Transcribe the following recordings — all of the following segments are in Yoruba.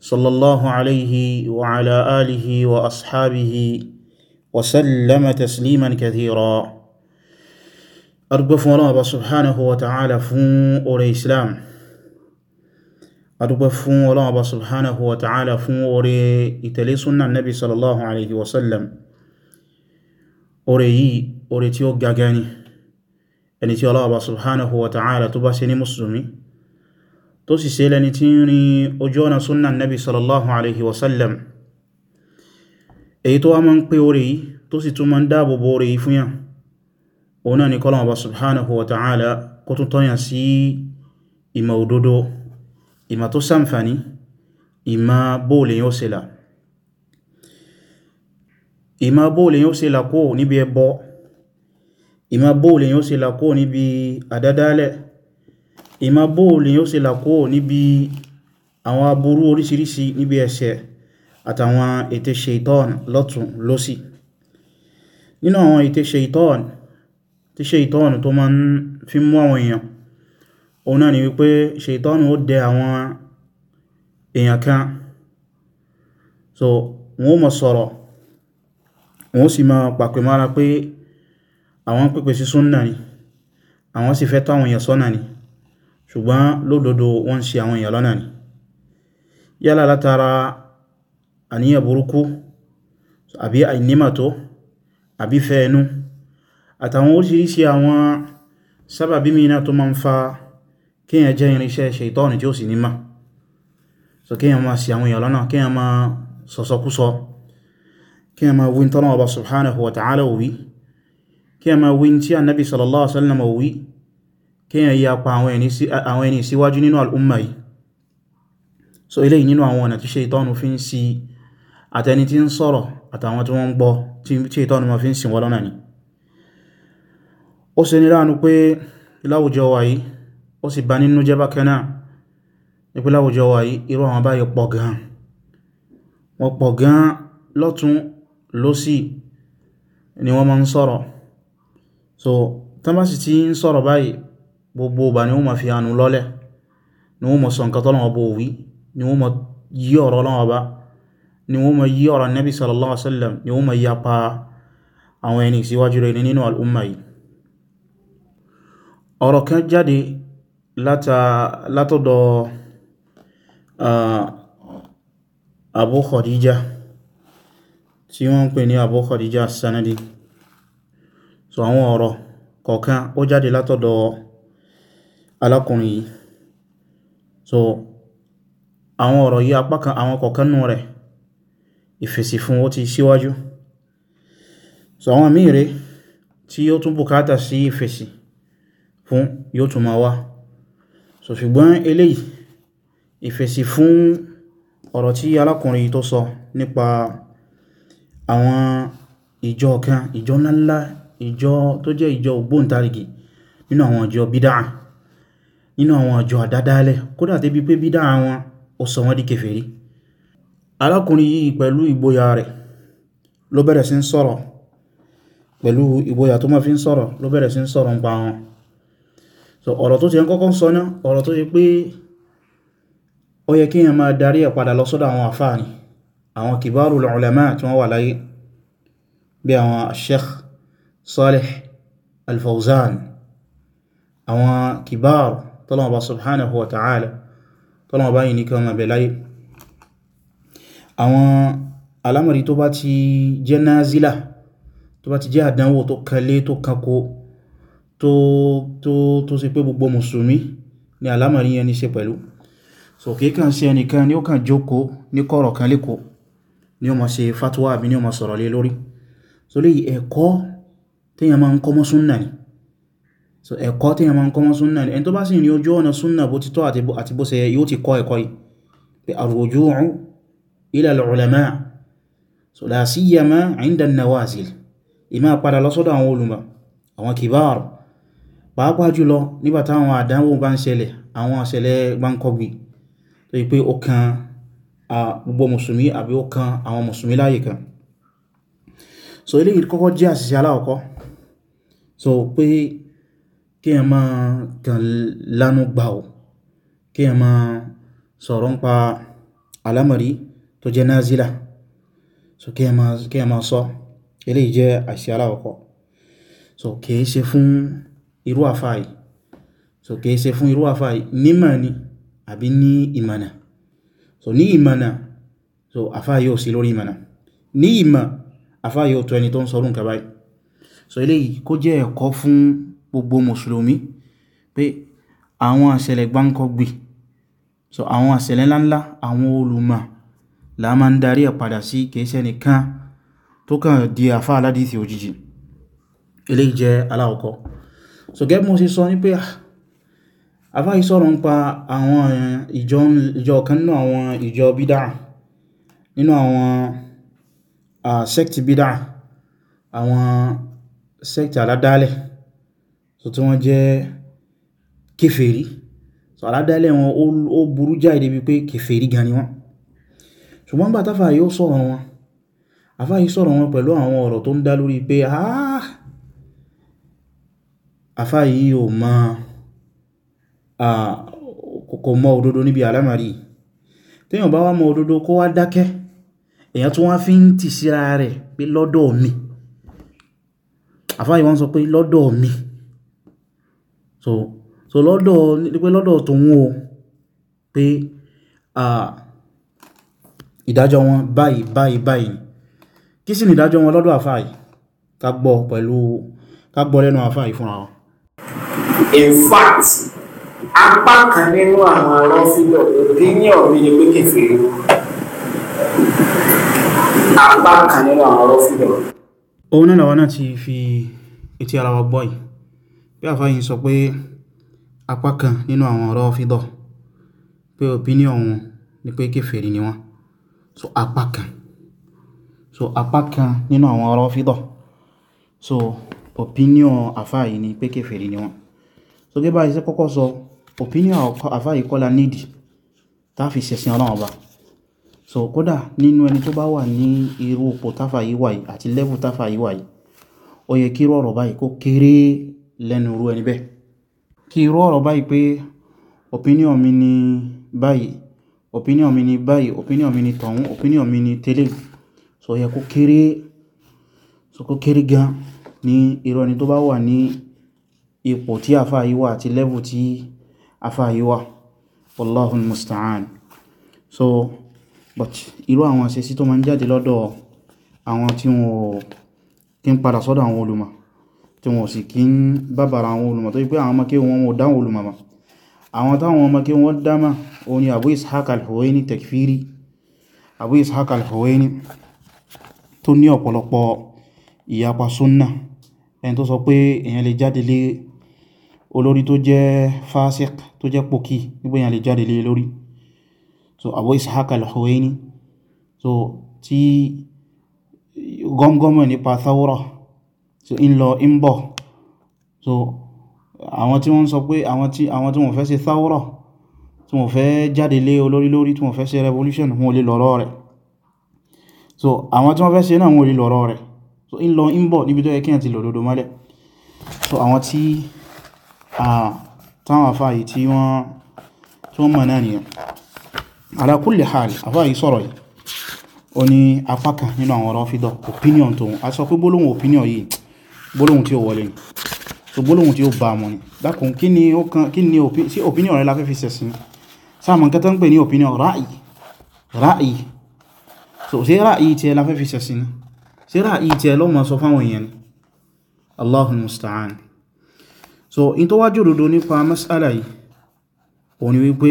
صلى الله عليه وعلى آله وأصحابه وسلم تسليما كثيرا أرقف الله سبحانه وتعالى فون أولي إسلام أرقف فون الله سبحانه وتعالى فون أولي إتلي سنة النبي صلى الله عليه وسلم أولي أولي تيوغاغاني أني تيوغاغاني سبحانه وتعالى تباسيني مسلمي tó sì ṣe lẹni tí ń rin ojú ọ̀nà súnnà nabi sallallahu alaihi wasallam èyí tó wá ma ń pé orí yìí tó sì tún ma ń dáàbò bo orí yìí fún yàn òun náà ni kọ́lọ̀wọ̀ bá subhanahu wa ta'ala kó tún tọ́yàn sí ìmọ̀ òdodo ìmọ̀ tó sàǹfàní ìmọ̀ bóòlè yóò ṣe là kó níbi ẹbọ ìmọ̀ bóòlè yóò ṣe là kó níbi àdádálẹ̀ ìmá bóòlì yóò ṣe làkó níbi àwọn aburú oríṣiríṣi níbi ẹ̀ṣẹ̀ àtàwọn ètè ṣeìtọ́n lọ́tún lọ́sì nínú àwọn ètè ṣeìtọ́n tí ṣeìtọ́n tó ma ń fi mú àwọn èèyàn òun náà ni wípé ṣeìtọ́n ó dẹ àwọn èèyàn kan so wọ́n mọ̀ sọ̀rọ̀ wọ́n sì máa pàpẹ mára pé àwọn pípẹ̀ sí súnnà ni àwọn sì fẹ́ tọ́ àwọn èèyàn sọ́nà ni ṣùgbọ́n lódodo wọ́n ṣì àwọn èèyàn lọ́nà ni yálà látara àníyàn burúkú àbí àìnímàtó àbí fẹ́ẹ̀nú àtàwọn oríṣiríṣi àwọn sábàbí mìíràn tó ma ń fa kíyàn jẹ́ irinṣẹ́ ṣètọ́nì tí ó sì nímà so kíyàn ma ṣì àwọn èèyàn lọ́nà kíyàn ma sọ̀sọ̀kúsọ kíyàn ma wí tọ́nà ọba subhanahu wa ta'ala wí kíyàn ma wí annabi sallallahu alaihi wasallam wí kíyàn yapa àwọn ẹni síwájú nínú al'umma yìí so eléyìí nínú àwọn ọ̀nà tí ṣaitọ́nù fi ń ṣì àtẹni tí ń sọ̀rọ̀ àtàwọn tí wọ́n ń gbọ́ tí ṣaitọ́nù ma fi ń ṣì lọ́nà ni ó ṣe níláàánú pé láwùjọ wa yìí ó sì bá nínú jẹ́ bákan náà ń sọ̀rọ̀ báyìí gbogbo ọba ni wọ́n ma fi hànú lọ́lẹ̀ ni wọ́n ma sọ nǹkan tọ́lọ̀ ọba òwí ni wọ́n ma yí ọ̀rọ̀ Ọlọ́run Ọba ni wọ́n ma yí ọ̀rọ̀ Nabi sallallahu alaihi wasallam ni wọ́n ma yí apá àwọn ẹni síwájú rẹ̀ nínú al'umma yìí ọ̀rọ̀ kan jáde látọ̀dọ̀ uh, Abu Khadija tí wọ́n ń pè ní Abu Khadija sanadi so àwọn ọ̀rọ̀ kọ̀ọ̀kan ó jáde látọ̀dọ̀ alákùnrin yìí so àwọn ọ̀rọ̀ yìí apá kan àwọn kọ̀ọ̀kan nù rẹ̀ ìfèsì fún ó ti síwájú so àwọn míì rẹ̀ tí ó tún bùkátà sí ìfèsì fún yóò tún máa wá so ṣùgbọ́n eléyìí ìfèsì fún ọ̀rọ̀ tí alákùnrin yìí tó sọ nípa àwọn ìjọ kan ìjọ ńláńlá ìjọ tó jẹ́ ìjọ ògbóǹtarìgì nínú àwọn ìjọ bídáà nínú àwọn àjọ àdádálẹ̀ kódà débi pé bídá wọn ó sọ wọ́n di kèfèrí alákùnrin yìí pẹ̀lú ìgboyà rẹ̀ ló bẹ̀rẹ̀ sí ń sọ̀rọ̀ pẹ̀lú ìgboyà tó máa fi ń sọ̀rọ̀ ló bẹ̀rẹ̀ sí ń sọ̀rọ̀ nípa wọn so ọ̀rọ̀ tó ti ń kọ́kọ́ sọ ná ọ̀rọ̀ tó ti pé ó yẹ kíyàn máa darí ẹ̀ padà lọ sọ́dọ̀ àwọn àfáàní àwọn kìbáàrù ulama tí wọ́n wà láyé bí àwọn Sheikh Salih Al-Fawzan àwọn kìbáàrù tọ́lọ́wọ́ bá subhanahu wa ta'ala tọ́lọ́wọ́ bá yìí ní kan abẹ̀ láyé àwọn alámọ̀rí tó bá ti jẹ́ nazila tó bá ti jẹ́ àdánwò tó kalé tó kanko tó tó tó ṣe pé gbogbo mùsùlùmí ni alámọ̀rí yẹn ní ṣe pẹ̀lú so kíkàn sí ẹnìkan ni ó kàn jókòó ní kọ̀rọ̀ kan lẹ́kọ̀ọ́ ni ó ma ṣe fatuwa àbí ni ó ma sọ̀rọ̀ lé lórí so lè ẹ̀kọ́ téèyàn máa ń kọ́ mọ́ súnnà ni so ẹ̀kọ́ tí a máa ń kọ́ mọ́ súnnà ẹni tó bá sì ní ojú ọ̀nà súnnà bó ti tọ́ àti bó ṣe yóò ti kọ́ ẹ̀kọ́ yìí pé ar-ruju' ila al-ulama' so la siyama 'inda an-nawazil ìmá padà lọ́sọ́dọ̀ àwọn olùmọ̀ àwọn kìbáàr pàápàá jùlọ nígbà táwọn àdánwò bá ń ṣẹlẹ̀ àwọn àṣẹlẹ̀ gbáǹkọ́gbì so eléyìí kọ́kọ́ jẹ́ àṣìṣe aláwọ̀kọ́ so pé kéèyàn máa kàn lánú gbàù kéèyàn máa sọ̀rọ̀ ń pa alámọ̀rí tó jẹ́ nazila so kéèyàn máa kéèyàn máa sọ eléyìí jẹ́ àṣìṣe alákọ̀ọ́kọ́ so kìí ṣe fún irú àfáà yìí so kìí ṣe fún irú àfáà yìí nímọ̀ ni àbí ní ìmọ̀nà so ní ìmọ̀nà so àfáà yóò sí lórí ìmọ̀nà ní ìmọ̀ àfáà yóò tó ẹni tó ń sọrún so eléyìí kó jẹ́ ẹ̀kọ́ fún gbogbo mùsùlùmí pé àwọn àṣẹlẹ̀ gbáǹkọ́gbì so àwọn àṣẹlẹ̀ ńláńlá àwọn olùmọ̀ la máa ń darí ẹ̀ padà sí kẹsẹ́ nìkan tó kàn di àfá aládìsí òjijì ilé jẹ́ aláọkọ́ so gẹ́gẹ́ mo ṣe sọ ní pé ah, àfá yìí sọ̀rọ̀ ń pa àwọn eh, ìjọ kan nínú àwọn ìjọ bídà nínú àwọn ah, sect bídà àwọn sect aládálẹ̀ so tí wọ́n jẹ́ kèfèrí so aládàálẹ̀ wọn ó burú jáì débi pé kèfèrí gan ni wọ́n ṣùgbọ́n nígbà táfà yóò sọ̀rọ̀ wọn afá yìí sọ̀rọ̀ wọn pẹ̀lú àwọn ọ̀rọ̀ tó ń dá lórí pé afá yìí ò mọ̀ kò mọ̀ òdodo níbi alámàrí téèyàn bá wá mọ̀ òdodo kó wá dákẹ́ èyàn tó wá fi ń tì síra rẹ̀ pé lọ́dọ̀ mi afá yìí wọ́n sọ pé lọ́dọ̀ mi So, so lọ́dọ̀, ní pé lọ́dọ̀ tòun o pé, à, ìdájọ́ wọn báyìí báyìí báyìí ni. Kí sì ni ìdájọ́ wọn lọ́dọ̀ àfáà yìí? Ká gbọ́ pẹ̀lú, ká gbọ́ lẹ́nu àfáà yìí fúnra wa. In fact, apá kan nínú àwọn Rọ́fídọ̀ opinion mi ni pé kèfèrí. Apá kan nínú àwọn Rọ́fídọ̀. Òun náà làwọn náà ti fi etí ara wa gbọ́ yìí. bí àfá yìí sọ pé apá nínú àwọn Rāfidah pé opinion wọn ni pé kèfèrí ni wọ́n so apá so apá nínú àwọn so opinion ni pé ni wọ́n so iṣẹ́ kọ́kọ́ sọ opinion kọ́lá táàfi ọlọ́run ọba so kódà nínú ẹni tó bá wà ní irú òpó táfà yìí àti level táfà ó yẹ kí báyìí kó lẹ́nu irú ẹni bẹ́ẹ̀ kí irú ọ̀rọ̀ báyìí pé opinion mi ni báyìí opinion mi ni báyìí opinion mi ni tọ̀hún opinion mi ni tẹ́lẹ̀ so yẹ kó kéré so kó kéré gan ní irú ẹni tó bá wà ní ipò tí àfáà yìí wà àti level tí àfáà yìí wà wallahu musta'an so but irú àwọn àṣẹ́sí tó máa ń jáde lọ́dọ̀ àwọn tí wọ́n kí ń padà sọ́dọ̀ àwọn olùmọ̀ tí wọ́n sì kí ń bàbàrà àwọn olùmọ̀ tó wípé àwọn ọmọké wọn wọ́n dáwọn olùmọ̀ ma àwọn táwọn ọmọké wọ́n dáma o ni Abu Ishaq al-Huwaini takfiri Abu Ishaq al-Huwaini tó ní ọ̀pọ̀lọpọ̀ ìyapa súnnà ẹni tó sọ pé èyàn lè jáde lé olórí tó jẹ́ fásik tó jẹ́ pòkì nígbé èyàn lè jáde lé e lórí so Abu Ishaq al-Huwaini so tí gọmgọmọ̀ nípa thawra so in lọ in bọ̀ so àwọn tí wọ́n sọ pé àwọn tí àwọn tí wọ́n fẹ́ ṣe thawra tí wọ́n fẹ́ jáde lé olórí lórí tí wọ́n fẹ́ ṣe revolution wọn ò lè lọ́rọ̀ so àwọn tí wọ́n fẹ́ ṣe náà wọn ò lè lọ́rọ̀ so in lọ in bọ̀ níbi tó yẹ kí àti lòdòdó mọ́lẹ̀ so àwọn tí táwọn àfáà yìí tí wọ́n tí wọ́n mọ̀ náà nìyàn ala kulli hal àfáà yìí sọ̀rọ̀ yìí ó ní apá kan nínú àwọn opinion tóun a sọ pé gbólóhùn opinion yìí gbólóhùn tí ó wọlé ni so gbólóhùn tí ó bá mọ́ ni dákùn kí ni ó kan kí ni sí opinion rẹ̀ láfẹ́ fi sẹ̀sìn sáàmù nǹkan tó ń pè ní opinion ráì ráì so ṣe ráì tí ẹ láfẹ́ fi sẹ̀sìn ṣe ráì tí ẹ lọ́mọ sọ fáwọn èèyàn ni Allahu musta'an so in tó wájú òdodo nípa mas'ala yìí òun ni wípé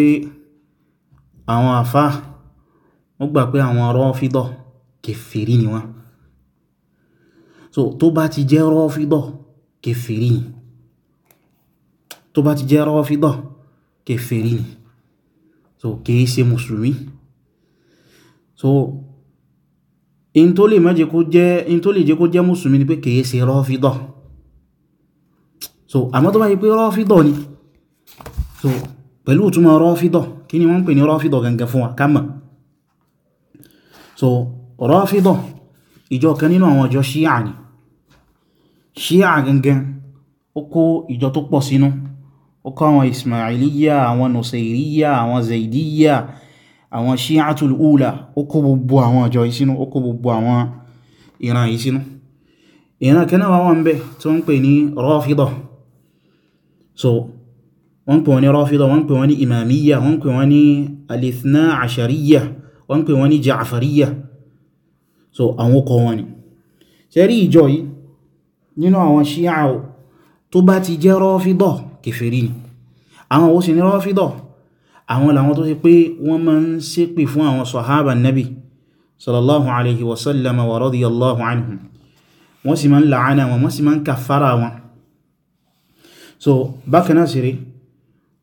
àwọn àfá wọ́n gbà pé àwọn Rāfidah kèfèrí ni wọ́n so tó bá ti jẹ́ rọ́fídọ̀ kèfèrí ni tó bá ti jẹ́ rọ́fídọ̀ kèfèrí ni so kìí ṣe mùsùlùmí so in tó lè mẹ́jẹ kó jẹ́ in tó lè jẹ́ kó jẹ́ mùsùlùmí ni pé kìí ṣe rọ́fídọ̀ so àmọ́ tó bá yí pé rọ́fídọ̀ ni so pẹ̀lú ìtumọ̀ rọ́fídọ̀ kí ni wọ́n pè ní rọ́fídọ̀ gangan fún wa kámà so rọ́fídọ̀ ìjọ kan nínú àwọn ọjọ́ ṣíà ni Shia gangan ó kó ìjọ tó pọ̀ sínú ó kó àwọn Ismailiyya àwọn Nusairiyya àwọn Zaidiyya àwọn Shi'atul Ula ó kó gbogbo àwọn ìjọ yìí sínú ó kó gbogbo àwọn ìran yìí sínú ìran kan náà wọ́n bẹ̀ tí wọ́n pè ní Rafida so wọ́n pè wọ́n ní Rafida wọ́n pè wọ́n ní Imamiyya wọ́n pè wọ́n ní Alithna Ashariyya wọ́n pè wọ́n ní Ja'fariyya so àwọn kọ wọn ni ṣe rí ìjọ yìí nínú àwọn ṣíà ò tó bá ti jẹ́ rọ́fídọ̀ kèfèrí ni àwọn ó sì ní rọ́fídọ̀ àwọn làwọn tó ṣe pé wọ́n máa ń ṣépè fún àwọn sọ̀hábà nabi sallallahu alaihi wasallam wa radiyallahu anhum wọ́n sì máa ń la'ana wọn wọ́n sì máa ń kàfàrà wọn so bákanáà sì rí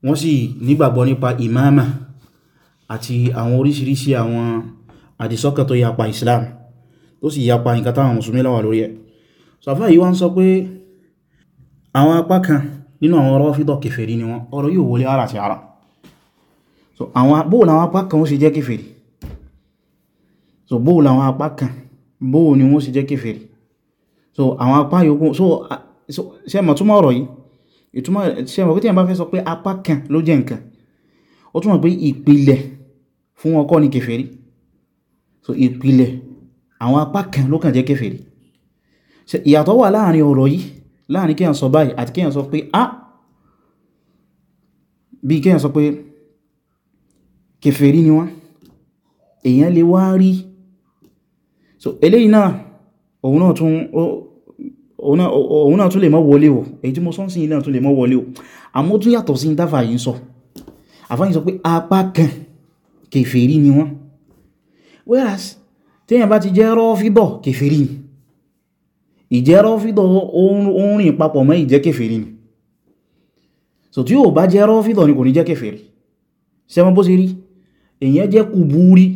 wọ́n sì nígbàgbọ́ nípa imama àti àwọn oríṣiríṣi àwọn àdìsọ́kà tó yapa islam tó sì yapa nǹkan táwọn musulmi láwà lórí ẹ̀ so àfá yìí wá ń sọ pé àwọn apá kan nínú àwọn Rāfidah kèfèrí ni wọ́n ọ̀rọ̀ yóò wọlé ara ti ara so àwọn bóòlù àwọn apá kan ó sì jẹ́ kèfèrí so bóòlù àwọn apá kan bóò ni wọ́n sì jẹ́ kèfèrí so àwọn apá yòókù so ṣe mọ̀ túmọ̀ ọ̀rọ̀ yìí ìtumọ̀ ṣe mọ̀ pé tí ẹ̀ bá fẹ́ sọ pé apá kan ló jẹ́ nǹkan ó túmọ̀ pé ìpìlẹ̀ fún wọn kọ́ ni kèfèrí so ìpìlẹ̀ àwọn apá kan ló kàn jẹ́ kèfèrí ìyàtọ̀ wà láàrin ọ̀rọ̀ yìí láàrin kíyàn sọ báyìí àti kíyàn sọ pé a bí kíyàn sọ pé kèfèrí ni wọ́n èyàn lè wá rí so eléyìí náà òun náà tún òun náà tún lè mọ́ wọlé o èyí tí mo sọ́n sí ilẹ̀ tún lè mọ́ wọlé o àmọ́ tún yàtọ̀ sí dáfà yìí sọ àfáyìn sọ pé apá kan kèfèrí ni wọ́n whereas téèyàn bá ti jẹ́ rọ́ọ́fíbọ̀ kèfèrí ni ìjẹ́ rọ́fídọ̀ orin papọ̀ mọ́ ìjẹ́ kèfèrí ni so tí ó bá jẹ́ rọ́fídọ̀ ni kò ní jẹ́ kèfèrí sẹ́mọ́ bó ṣe rí èyàn jẹ́ kùbúrí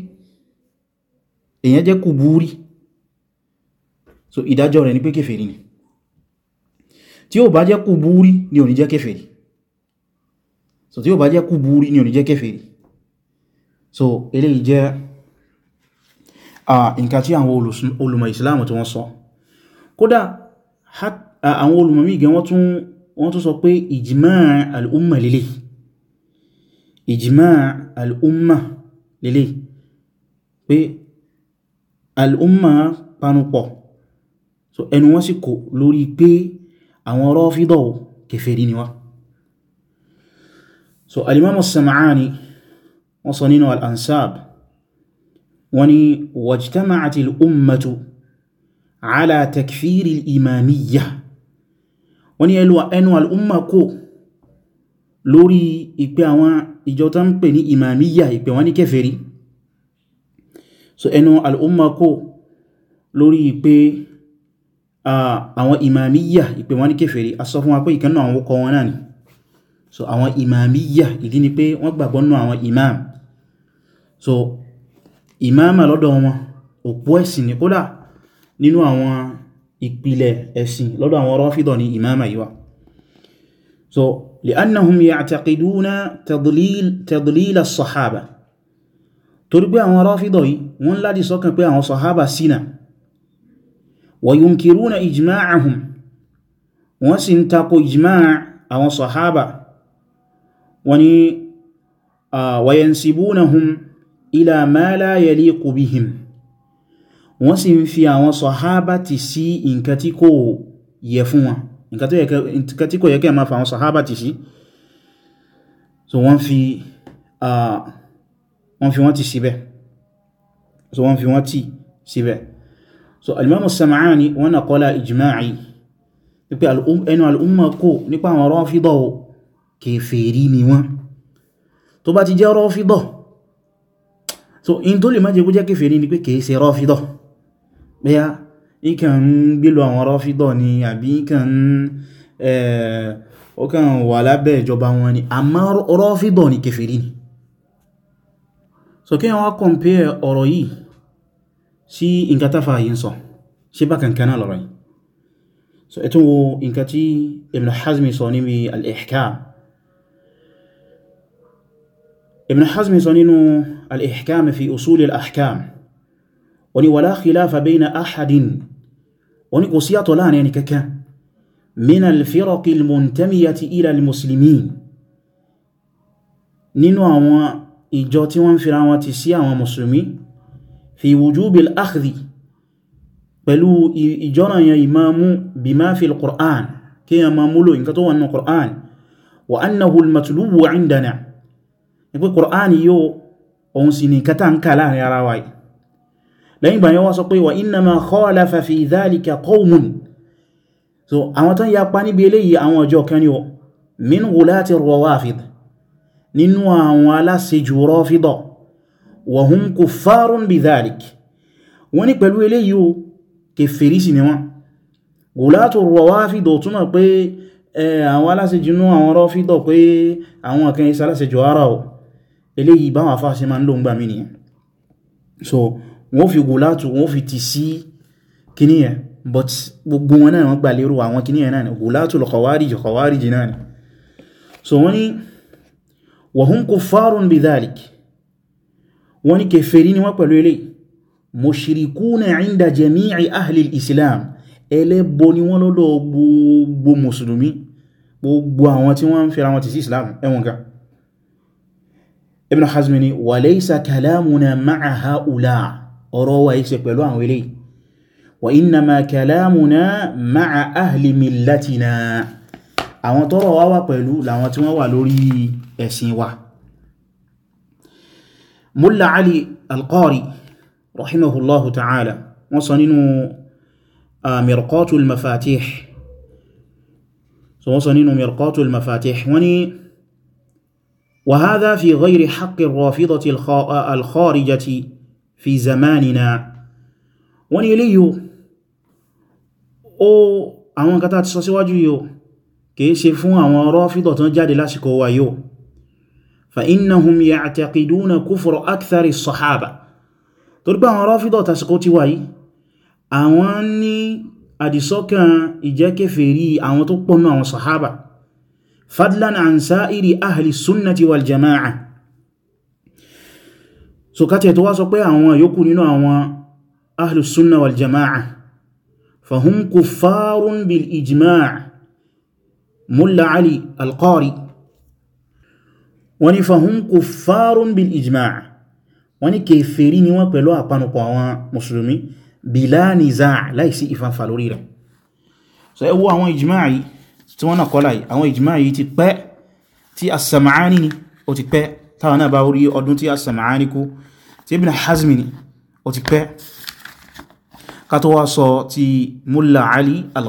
èyàn so ìdájọ́ rẹ̀ ni pé kèfèrí ni tí ó bá jẹ́ kùbúrí ni ò ní jẹ́ kèfèrí so tí ó ni ò ní jẹ́ so eléyìí jẹ́ nǹkan tí àwọn olùmọ̀ ìsìláàmù tí wọ́n kódà àwọn olùmọ̀mí gẹ wọ́n tún wọ́n tún sọ pé ìjìmá al'umma lélẹ̀ ìjìmá al'umma lélẹ̀ pé al'umma panupọ̀ so ẹnu wọ́n sì kò lórí pé àwọn Rāfidah kèfèrí ni wá so alimamu Sam'ani wọ́n sọ nínú al'ansab wọ́n wajtama'ati al'ummatu ala takfiri imamiyya wọ́n ní ẹnu al'umma kò lórí ìpè àwọn ìjọ tó ń pè ní imamiyya ìpè wọ́n ní so ẹnu al'umma kò lórí ìpè àwọn imamiyya ìpè wọ́n ní kèfèrí a sọ fún wa pé ìkan náà wọ́kọ wọn náà ni so àwọn imamiyya ìdí ni pé wọ́n gbàgbọ́ nù imam so imama lọ́dọ̀ wọn òpó ẹ̀sìn ni kódà nínú àwọn ìpìlẹ̀ ẹ̀sìn lọ́dọ̀ àwọn Rāfidah ni ìmáàmà yìí wà so li'annahum ya'taqiduna tadlil tadlil as-sahaba torí pé àwọn Rāfidah yìí wọ́n láti sọ́kàn pé àwọn sahaba ṣìnà wa yunkiruna ijma'ahum wọ́n sì ń tako ijma' àwọn sahaba wọ́n sì ń fi àwọn sọ̀hábàtì sí nǹkan tí kò yẹ fún wọn nǹkan tí kò yẹ kí ẹ máa fa àwọn sọ̀hábàtì sí so wọ́n fi wọ́n ti síbẹ̀ so wọ́n fi wọ́n ti síbẹ̀ so alimamu sam'ani wọ́n na kọ́lá ijma'i wípé ẹnu al'umma kò nípa àwọn rọ́fídọ̀ kèfèrí ni wọ́n tó bá ti jẹ́ rọ́fídọ̀ so in tó lè má jẹ́ kó jẹ́ kèfèrí ni pé kèé ṣe rọ́fídọ̀ bóyá nǹkan ń gbé lọ àwọn Rọ́fídọ̀ ni àbí nǹkan ó kàn wà lábẹ́ ìjọba wọn ni àmọ́ Rọ́fídọ̀ ni kèfèrí ni so kí wọ́n compare ọ̀rọ̀ yìí sí nǹkan tàfà yìí ń sọ ṣe bá kankan náà lọ́rọ̀ yìí so ẹ̀tún wo nǹkan tí Ibn Hazmi sọ níbi al Ibn Hazmi sọ nínú al-Ihkam usul al wọ́n ní wàlá khilafa bayna ahadin wọ́n ní kò sí àtọ̀ láàrin ẹni kankan min al-firaqi al-muntamiyati ila al-muslimin nínú àwọn ìjọ tí wọ́n fira wọn ti sí àwọn mùsùlùmí fi wujubil akhdhi pẹ̀lú ìjọ́nàyàn ìmáàmú bima fil qur'an kí yẹn máa múlò nǹkan tó wà nínú qur'an wa annahu al-matlubu 'indana ni pé qur'an yóò òun sì ní kátà ń kà láàrin ara wáyìí lẹ́yìn ìgbà yẹn wọ́n sọ pé wà innama khalafa fi dhalika qawmun so àwọn tán yapa níbi eléyìí àwọn ọjọ́ kan ni ó min wulati rawafid nínú àwọn aláṣejù rọ́fídọ̀ wa hum kuffarun bi dhalik wọ́n ní pẹ̀lú eléyìí ó kèfèrí sí ni wọ́n wulati rawafid túnmọ̀ pé eléyìí so wọ́n fi gùlátù wọ́n fi ti sí kíní yẹn but gbogbo wọn náà wọ́n gbà lérò àwọn kíní yẹn náà ni gùlátù khawarij khawarij náà ni so wọ́n ni wa hum kuffarun bidhalik wọ́n ni kèfèrí ni wọ́n pẹ̀lú eléyìí mushrikuna inda jami'i ahli islam ẹlẹ́bọ ni wọ́n lọ́lọ́ gbogbo mùsùlùmí gbogbo àwọn tí wọ́n ń fẹ́ra wọn ti sí islam ẹwọn ga ibn hazmi ni wa laysa kalamuna ma'a ha'ula ọ̀rọ̀ wa yìí ṣe pẹ̀lú àwọn eléyìí wa innama kalamuna ma'a ahli millatina àwọn tọ́rọ̀ wá wà pẹ̀lú làwọn tí wọ́n wà lórí ẹ̀sìn wa Mulla Ali al rahimahullahu ta'ala wọ́n sọ nínú ah, mirqatul mafatih وهذا في غير حق الرافضة الخارجة fi zamanina wọ́n ní ilé yóò ó àwọn nǹkan tàà ti sọ síwájú yóò kìí ṣe fún àwọn rọ́fídọ̀ tán jáde lásìkò wa yóò fa innahum ya'taqiduna kufra akthari sahaba torí pé àwọn rọ́fídọ̀ tàsìkò ti wáyí àwọn ní àdìsọ́kàn ìjẹ́kẹfèrí àwọn tó pọ̀nà àwọn sahaba fadlan an sa'iri ahli sunnati wal jama'a so ká tẹ̀ tó wá sọ pé àwọn yòókù nínú àwọn ahlus sunna wal jama'a fahum kuffarun bil ijma' mulla ali alqari wọ́n ní fahum kuffarun bil ijma' wọ́n ní kèfèrí ni wọ́n pẹ̀lú àpanupọ̀ àwọn mùsùlùmí bila niza' láìsí ìfanfà lórí rẹ̀ so ẹ àwọn ijma' yìí tí wọ́n náà kọ́lá yìí àwọn ijma' yìí ti pẹ́ tí as-sam'ani ni ó ti pẹ́ táwọn náà bá rí ọdún tí as-Sam'ani kú tí Ibn Hazmi ni ó ti pẹ́ ká sọ ti Mulla Ali al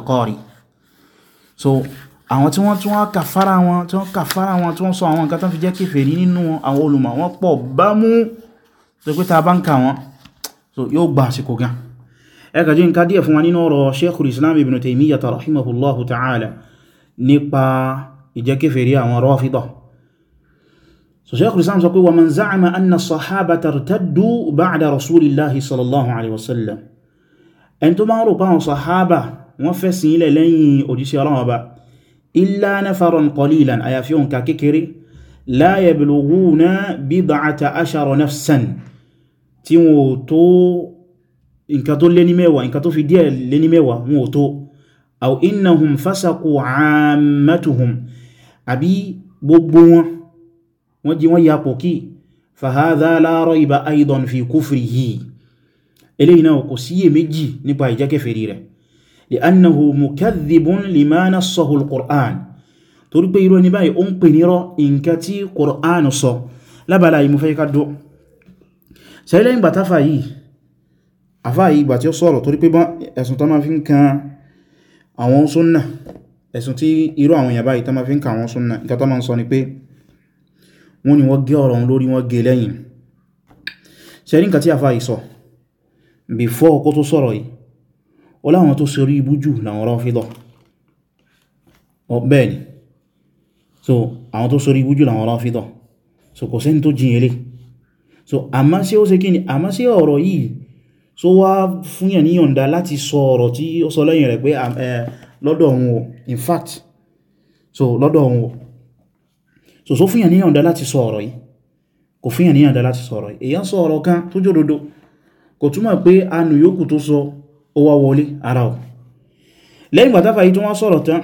so àwọn tí wọ́n tún wá kàfàrà wọn tí wọ́n kàfàrà wọn tí wọ́n sọ àwọn nǹkan tó fi jẹ́ kèfèrí nínú àwọn olùmọ̀ wọn pọ̀ bá mú tó pé ta bá ń kà wọn so yóò gba àsìkò gan ẹka jí nǹkan díẹ̀ fún wa nínú ọ̀rọ̀ Sheikhul Islam Ibn Taymiyyah rahimahullahu ta'ala nípa ìjẹ́ kèfèrí àwọn Rāfidah so Shaykhul Islam sọ pé wa man za'ama anna sahaba tartaddu ba'da rasulillahi sallallahu alaihi wasallam ẹni tó máa rò pa àwọn sahaba wọ́n fẹ́ sin ilẹ̀ lẹ́yìn òjíṣẹ́ Ọlọ́run ọba illa nafaran qalilan àyàfi òǹkà kékeré la yablughuna bid'ata ashara nafsan tí wọ́n tó nǹkan tó lé ní mẹ́wàá nǹkan tó fi díẹ̀ lé ní mẹ́wàá wọn ò tó aw innahum fasaqu 'ammatuhum àbí gbogbo wọn wọ́n jí wọ́n ya pọ̀ kí fàhádá láàrọ̀ ìbá aidan fi kúfìrí yìí eléyìí náà kò síyè méjì nípa ìjẹ́kẹfẹ̀rí rẹ̀ lè annahu mukadhibun limana sahul qur'an torí pé irú ẹni báyìí ó ń pè nírọ́ nǹkan tí qur'an sọ lábàlá yìí mo fẹ́ ká dó sẹ́lẹ̀ ìgbà táfà yìí àfà yìí ìgbà tí ó sọ̀rọ̀ torí pé ẹ̀sùn tó máa fi ń kan àwọn súnnà ẹ̀sùn tí irú àwọn èèyàn báyìí tó máa fi ń kan àwọn súnnà nǹkan tó máa ń sọ ni pé wọ́n ní wọ́n gé ọ̀rọ̀ òun lórí wọ́n gé e lẹ́yìn ṣe rí nǹkan tí àfáà yìí sọ before kó tó sọ̀rọ̀ yìí ó láwọn tó sorí ibú jù làwọn Rāfidah bẹ́ẹ̀ ni so àwọn tó sorí ibú jù làwọn Rāfidah so kò sẹ́ni tó jiyàn lé so àmá sí ó ṣe so wá fúnyàn ní yọ̀ǹda láti sọ ọ̀rọ̀ tí ó sọ lọ́dọ̀ òun o in fact so lọ́dọ̀ òun so so fún yàn ní ọ̀dá láti sọ ọ̀rọ̀ yìí kò fún yàn ní ọ̀dá láti sọ ọ̀rọ̀ yìí èyàn sọ ọ̀rọ̀ kan tó jò dodo kò túmọ̀ pé anù yòókù tó sọ ó wọlé ara ọ̀ lẹ́yìn gbàtàfà yìí tó wọ́n sọ̀rọ̀ tán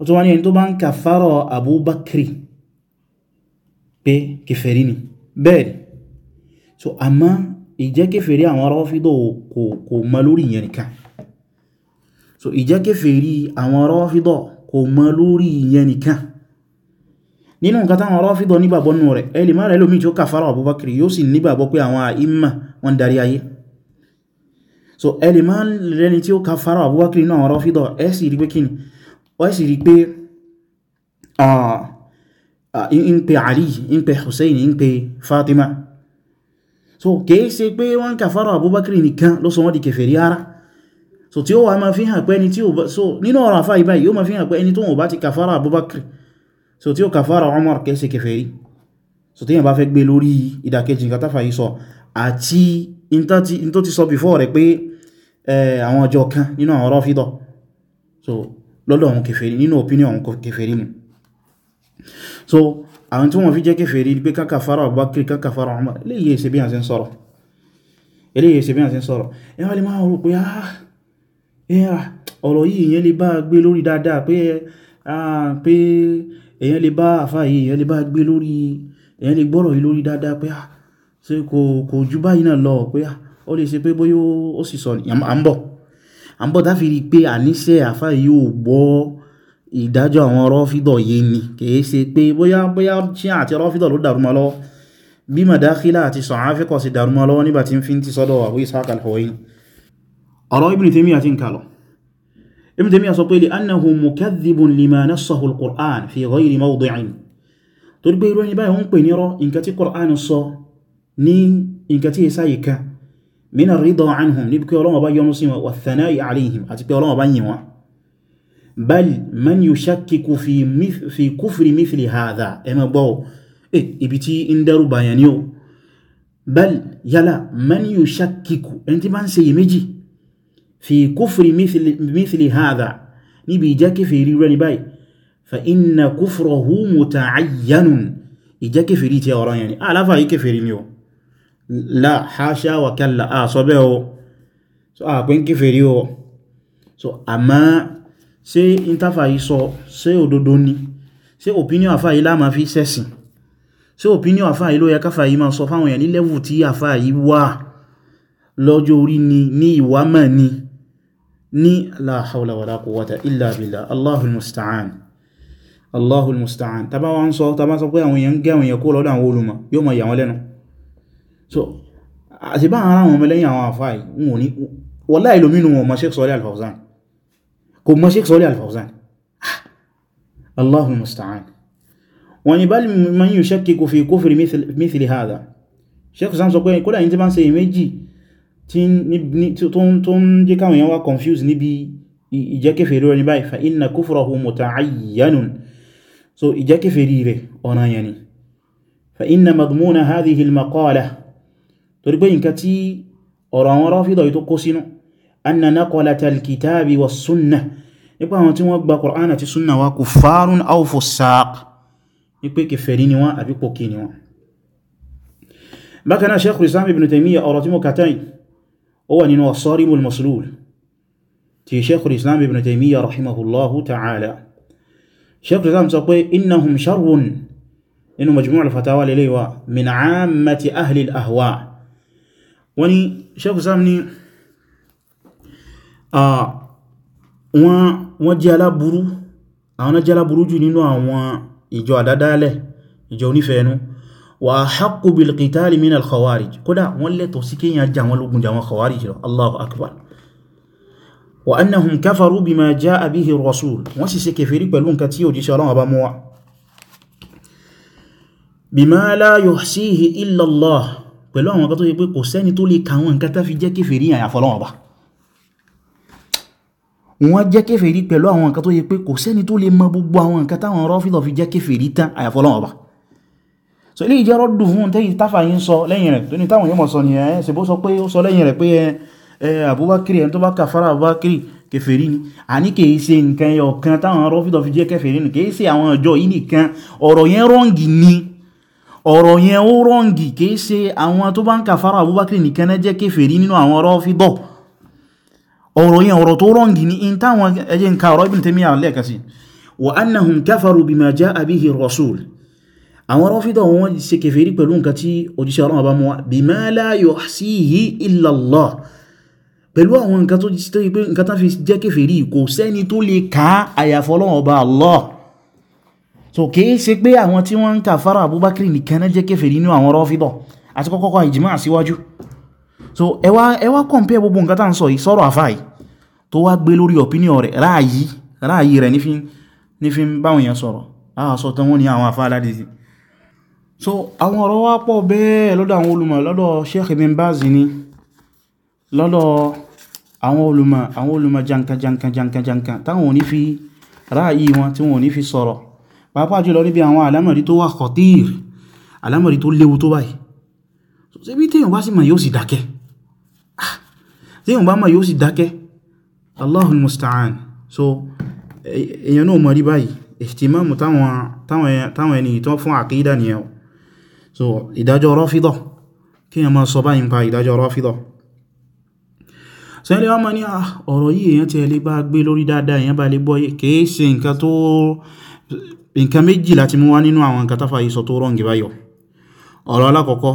ó tó wá ní ẹni tó bá ń kàfàrọ̀ Abubakri pé kèfèrí ni bẹ́ẹ̀ so àmọ́ ìjẹ́ kèfèrí àwọn Rọ́fídà kò kò mọ lórí yẹn nìkan so ìjẹ́ kèfèrí àwọn Rọ́fídà kò mọ lórí yẹn nìkan nínú nǹkan táwọn Rāfidah nígbàgbọ́ nù rẹ̀ ẹ lè má rẹ̀ lómi tí ó kàfàrà Abubakar yóò sì nígbàgbọ́ pé àwọn àìmà wọ́n darí ayé so ẹ lè má rẹni tí ó kàfàrà Abubakar nínú àwọn Rāfidah ẹ sì rí pé kíni ẹ sì rí so kìí ṣe pé wọ́n kàfàrà Abubakar nìkan ló sọ so tí ó wà máa so nínú ọ̀rọ̀ àfáà ìbáyìí yóò máa fi hàn pé so tí ó kàfàrà Umar kẹsẹ̀ kèfèrí so tí yẹn bá fẹ́ gbé lórí ìdàkejì nǹkan tàfà yìí sọ àti in tó ti sọ before rẹ̀ pé àwọn ọjọ́ kan nínú àwọn Rāfidah so lọ́dọ̀ àwọn kèfèrí nínú opinion àwọn kèfèrí mu so àwọn tí wọ́n fi jẹ́ kèfèrí pé kàkàfàrà Abubakar kàkàfàrà Umar eléyìí èsì bí àti ń sọ̀rọ̀ eléyìí èsì bí àti ń sọ̀rọ̀ ẹwà lè máa rò pé ah, ọ̀rọ̀ yìí ìyẹn lè bá gbé lórí dáadáa pé ah, èèyàn lè bá àfá yìí èèyàn lè bá gbé lórí èèyàn lè gbọ́rọ̀ yìí lórí dáadáa pé ah ṣe kò kò ju báyìí náà lọ pé ah ó lè ṣe pé bóyá ó sì sọ ní à ń bọ̀ à ń bọ̀ táfi rí pé àníṣe àfá yìí ò gbọ́ ìdájọ́ àwọn rọ́fídọ̀ yìí ni kìí ṣe pé bóyá bóyá ṣe àti rọ́fídọ̀ ló dàrú mọ́ bí madakhila àti sọ̀háfíkọ̀ sì dàrú mọ́ lọ́wọ́ nígbà tí ń fi ti sọ́dọ̀ Abu Ishaq al-Huwaini ọ̀rọ̀ Ibn àti nǹkan lọ ابن تيمية صوتي لأنه مكذب لما نصه القرآن في غير موضع طول بيروني باي هم بينيرا إن كتي قرآن الصا ني إن كتي سايكا من الرضا عنهم نبكي الله باي يوم والثناء عليهم أتبكي الله باي يوم بل من يشكك في مث في كفر مثل هذا اما بو اي بيتي اندرو بيانيو بل يلا من يشكك انت ما سي fi kufri mithli hadha níbi ìjẹ́ kèfèrí rẹ̀ ní báyìí fa inna kufrahu muta'ayyanun ìjẹ́ kèfèrí tí ọ̀rọ̀ yẹn ni aláfà ah, yí kèfèrí ni o la hasha wa kalla a ah, sọ bẹ́ o so a ah, pín kèfèrí o so àmá ṣe intafa yí sọ ṣe òdodo ni ṣe opinion àfà yí láàmà fi sẹ́sìn ṣe opinion àfà yí ló yẹ káfà yí máa sọ fáwọn èèyàn ní level tí àfà yí wà lọ́jọ́ orí ni ní ìwámọ̀ ni ní la hawla wala quwwata illa billah allahul musta'an allahul musta'an tàbá wọn sọ tàbá sọ pé àwọn èèyàn gẹ́ àwọn èèyàn kó lọ́dọ̀ àwọn olùmọ̀ yóò mọ̀ ìyàwọn lẹ́nu so àti bá ara wọn mẹ́lẹ́yìn àwọn àfáì wọn ní wọ́lá ìlòmínú wọn mọ̀ Shaykh Saalih Al Fawzān kò mọ̀ Shaykh Saalih Al Fawzān ah! allahul musta'an wọn ni bal man yushakkiku fi kufri mithli hadha Shaykh tí ń jẹ́ káwọn èèyàn wá confuse níbi ìjẹ́kẹfẹ̀ lórí ẹni báyìí fa inna kufrahu muta'ayyanun so ìjẹ́kẹfẹ̀ rí rẹ̀ ọ̀nà yẹn ni fa inna madmuna hadhihi al-maqala torí pé nǹkan tí ọ̀rọ̀ àwọn Rāfidah tó kó sínú anna naqalata al-kitabi wa sunnah nípa àwọn tí wọ́n gba Qur'an àti sunna wa kuffarun aw fussaq ní pé kèfèrí ni wọ́n àbípòkè ni wọ́n bákanáà Shaykhul Islam Ibn Taymiyyah ọ̀rọ̀ tí mo kàtàyìn ó wà nínú as-saribul maslul ti sheikhul islam ibn taymiyyah rahimahullahu ta'ala sheikhul islam sọ pé innahum sharrun nínú majmu' al-fatawa lè wa min 'ammati ahli al-ahwa wani sheikhul islam ni wọ́n jẹ́ aláburú àwọn jẹ́ aláburú jù nínú àwọn ìjọ àdádálẹ̀ ìjọ onífẹ́ẹ̀nú wa haqqu bil qitali min al khawarij kódà wọ́n lẹ́tọ̀ sí kéyàn jà wọn lógun jà wọn khawarij lọ allahu akbar wa annahum kafaru bima jaa bihi rasul wọ́n sì ṣe kèfèrí pẹ̀lú nǹkan tí òjíṣẹ́ Ọlọ́run bá mú wá bima la yuhsihi illa allah pẹ̀lú àwọn kan tó yẹ pé kò sẹ́ni tó lè kàwọn nǹkan tá fi jẹ́ kèfèrí àyàfi Ọlọ́run Ọba wọ́n jẹ́ kèfèrí pẹ̀lú àwọn nǹkan tó yẹ pé kò sẹ́ni tó lè mọ gbogbo àwọn nǹkan táwọn Rāfidah fi jẹ́ kèfèrí tán àyàfi Ọlọ́run Ọba so ilé ìjẹ́ rọ́dù fún tẹ́yìn tafà yí ń sọ lẹ́yìn rẹ̀ tó ní táwọn yíò mọ̀ sọ nìyàn ẹ́ ṣebó sọ pé ó sọ lẹ́yìn rẹ̀ pé ẹ àbúbákiri ẹni tó bá kàfàrà àbúbákiri kèfèrí ni a ní kèé ṣe nǹkan ẹyọ kan táwọn rọ́fídọ̀ fi jẹ́ kèfèrí ni kèé ṣe àwọn ọjọ́ yìí nìkan ọ̀rọ̀ yẹn rọ́ǹgì ni ọ̀rọ̀ yẹn ó rọ́ǹgì kèé ṣe àwọn tó bá ń kàfàrà àbúbákiri nìkan jẹ́ kèfèrí nínú àwọn rọ́fídọ̀ ọ̀rọ̀ yẹn ọ̀rọ̀ tó rọ́ǹgì ni in táwọn ẹjẹ́ nǹkan ọ̀rọ̀ Ibn Taymiyyah lẹ́ẹ̀kan sí wa annahum kafaru bima jaa bihi rasul àwọn rọ́fídọ̀ wọn ṣe kèfèrí pẹ̀lú nǹkan tí òjíṣẹ́ ọlọ́run bá mú wá bima la yuhsihi illa Allah pẹ̀lú àwọn nǹkan tó jí tó yí pé nǹkan tán fi jẹ́ kèfèrí kò sẹ́ni tó lè ká àyàfọ́lọ́run ọba Allah so kìí ṣe pé àwọn tí wọ́n ń kà fara Abubakar nìkan náà jẹ́ kèfèrí nínú àwọn so ẹwà ẹwà kọ̀ǹpẹ́ gbogbo nǹkan tá ń sọ yìí sọ́rọ̀ àfáì tó wá gbé lórí opinion rẹ̀ ráàyí ráàyí rẹ̀ nífi ń báwọn èèyàn sọ̀rọ̀ láwọn àfáà ládìsí so àwọn ọ̀rọ̀ wá pọ̀ bẹ́ẹ̀ lọ́dọ̀ àwọn olùmọ̀ lọ́dọ̀ Sheikh Ibn Baz ni lọ́dọ̀ àwọn olùmọ̀ àwọn olùmọ̀ jankan jankan jankan jankan táwọn òní fi ráàyí wọn tí wọn òní fi sọ̀rọ̀ pàápàá jùlọ níbi àwọn alámọ̀rí tó wà khatir alámọ̀rí tó léwu tó báyìí ṣe bí téèyàn bá sì mọ̀ yóò sì ah, musta'an so èèyàn náà mọ̀ rí báyìí ihtimamu táwọn ẹni tó fún àkídà nìyẹn so ìdájọ́ Rāfidah kí yẹn máa sọ báyìí ń pa ìdájọ́ Rāfidah so ẹni wọ́n ma ní ah, ọ̀rọ̀ yìí èyàn ti ẹ̀lẹ́ bá gbé lórí dáadáa èyàn bá lè gbọ́ kìí ṣe nǹkan tó nǹkan méjì láti mú wá nínú àwọn nǹkan táfà yìí sọ tó rọ́ǹgì báyọ̀ ọ̀rọ̀ alákọ̀ọ́kọ́